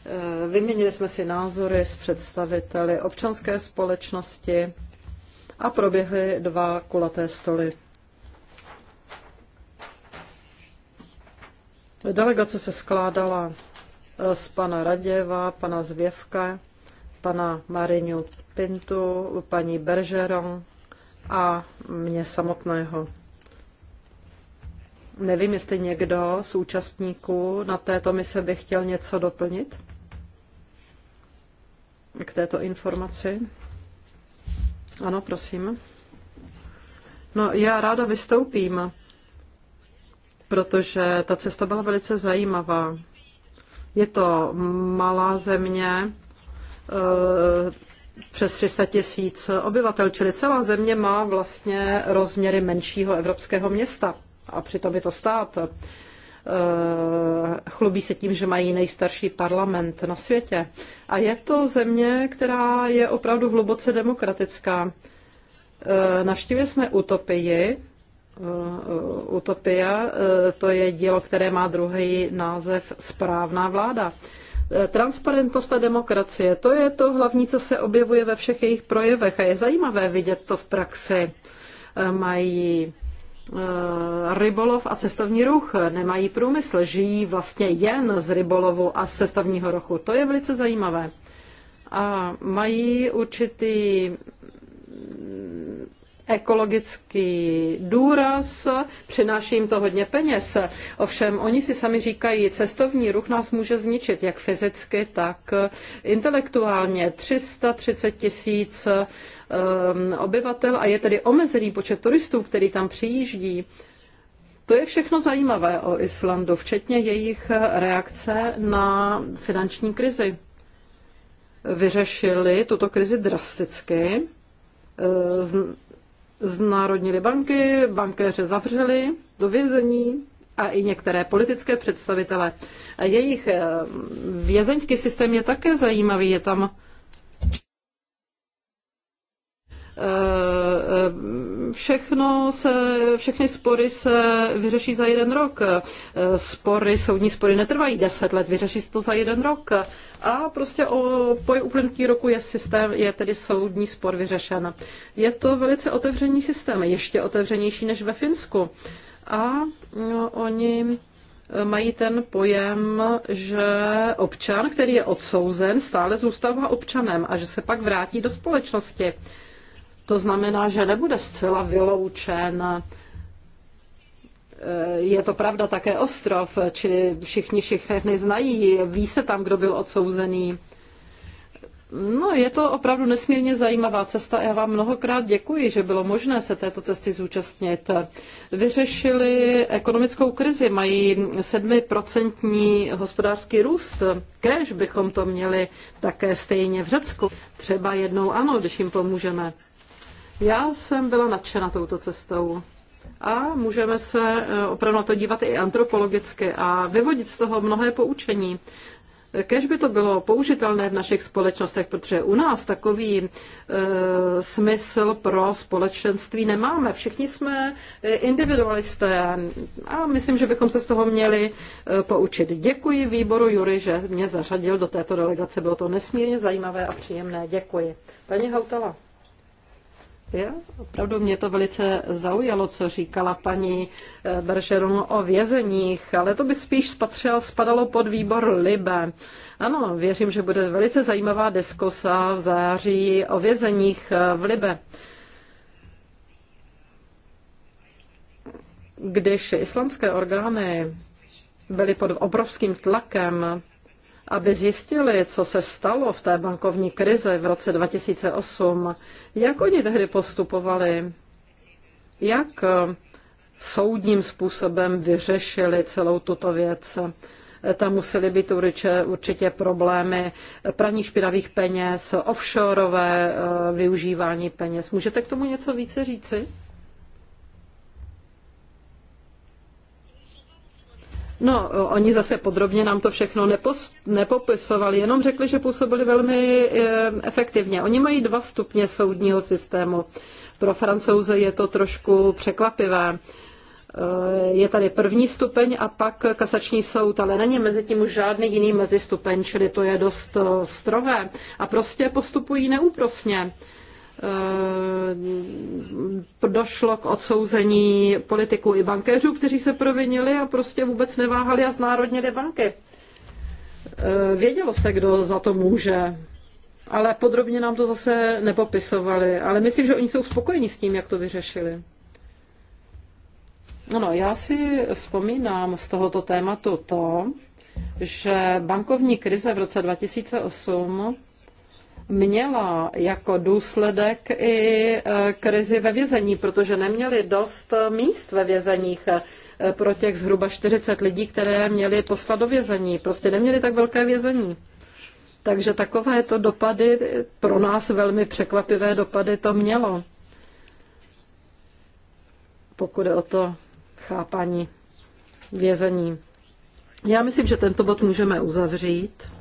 Eh, vyměnili jsme si názory s představiteli občanské společnosti a proběhly dva kulaté stoly. Delegace se skládala z pana Raděva, pana Zvěvka, pana Mariňu Pintu, paní Bergeron a mě samotného. Nevím, jestli někdo z účastníků na této mise by chtěl něco doplnit k této informaci. Ano, prosím. No, já ráda vystoupím, protože ta cesta byla velice zajímavá. Je to malá země, Eh, přes 300 tisíc obyvatel, čili celá země má vlastně rozměry menšího evropského města a přitom je to stát. Eh, chlubí se tím, že mají nejstarší parlament na světě. A je to země, která je opravdu hluboce demokratická. Eh, navštívili jsme Utopii. Utopia to je dílo, které má druhý název Správná vláda. Eh, transparentnost a demokracie, to je to hlavní, co se objevuje ve všech jejich projevech a je zajímavé vidět to v praxi. Eh, mají eh, rybolov a cestovní ruch. Nemají průmysl, žijí vlastně jen z rybolovu a z cestovního ruchu. To je velice zajímavé. A mají určitý ekologický důraz, přináší jim to hodně peněz. Ovšem, oni si sami říkají, cestovní ruch nás může zničit, jak fyzicky, tak intelektuálně. 330 tisíc ehm, obyvatel a je tedy omezený počet turistů, který tam přijíždí. To je všechno zajímavé o Islandu, včetně jejich reakce na finanční krizi. Vyřešili tuto krizi drasticky eh, znárodnili banky, bankéře zavřeli do vězení a i některé politické představitele. Jejich eh, vězeňský systém je také zajímavý, je tam Eh, eh, všechno se, všechny spory se vyřeší za jeden rok. Eh, spory, soudní spory netrvají deset let, vyřeší se to za jeden rok. A prostě o, po uplynutí roku je systém, je tedy soudní spor vyřešen. Je to velice otevřený systém, ještě otevřenější než ve Finsku. A no, oni mají ten pojem, že občan, který je odsouzen, stále zůstává občanem a že se pak vrátí do společnosti. To znamená, že nebude zcela vyloučen. Je to pravda také ostrov, či všichni všechny znají, ví se tam, kdo byl odsouzený. No, je to opravdu nesmírně zajímavá cesta. Já vám mnohokrát děkuji, že bylo možné se této cesty zúčastnit. Vyřešili ekonomickou krizi, mají 7% hospodářský růst. Kéž bychom to měli také stejně v Řecku. Třeba jednou ano, když jim pomůžeme. Já jsem byla nadšena touto cestou a můžeme se eh, opravdu na to dívat i antropologicky a vyvodit z toho mnohé poučení. Kež by to bylo použitelné v našich společnostech, protože u nás takový e, smysl pro společenství nemáme. Všichni jsme eh, individualisté a myslím, že bychom se z toho měli e, poučit. Děkuji výboru Jury, že mě zařadil do této delegace. Bylo to nesmírně zajímavé a příjemné. Děkuji. Paní Hautala. Já, opravdu mě to velice zaujalo, co říkala paní eh, Bergeron o vězeních, ale to by spíš spatřil, spadalo pod výbor Libe. Ano, věřím, že bude velice zajímavá diskusa v září o vězeních eh, v Libe. Když islamské orgány byly pod obrovským tlakem aby zjistili, co se stalo v té bankovní krizi v roce 2008, jak oni tehdy postupovali, jak eh, soudním způsobem vyřešili celou tuto věc. Eh, tam musely být určitě, určitě problémy praní špinavých peněz, offshoreové eh, využívání peněz. Můžete k tomu něco více říci? No, oni zase podrobně nám to všechno nepos, nepopisovali, jenom řekli, že působili velmi eh, efektivně. Oni mají dva stupně soudního systému. Pro francouze je to trošku překvapivé. Eh, je tady první stupeň a pak kasační soud, ale není mezi tím už žádný jiný mezistupeň, čili to je dost eh, strohé. A prostě postupují neúprosně. Eh, došlo k odsouzení politiků i bankéřů, kteří se provinili a prostě vůbec neváhali a znárodnili banky. Eh, vědělo se, kdo za to může, ale podrobně nám to zase nepopisovali. Ale myslím, že oni jsou spokojení s tím, jak to vyřešili. No, já si vzpomínám z tohoto tématu to, že bankovní krize v roce 2008 měla jako důsledek i e, krizi ve vězení, protože neměli dost e, míst ve vězeních e, pro těch zhruba 40 lidí, které měli poslat do vězení. Prostě neměli tak velké vězení. Takže takové to dopady, pro nás velmi překvapivé dopady to mělo. Pokud je o to chápání vězení. Já myslím, že tento bod můžeme uzavřít.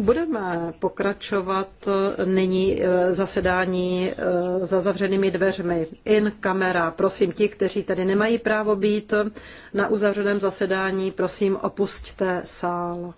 Budeme pokračovat nyní eh, zasedání eh, za zavřenými dveřmi. In kamera. Prosím ti, kteří tady nemají právo být na uzavřeném zasedání, prosím opusťte sál.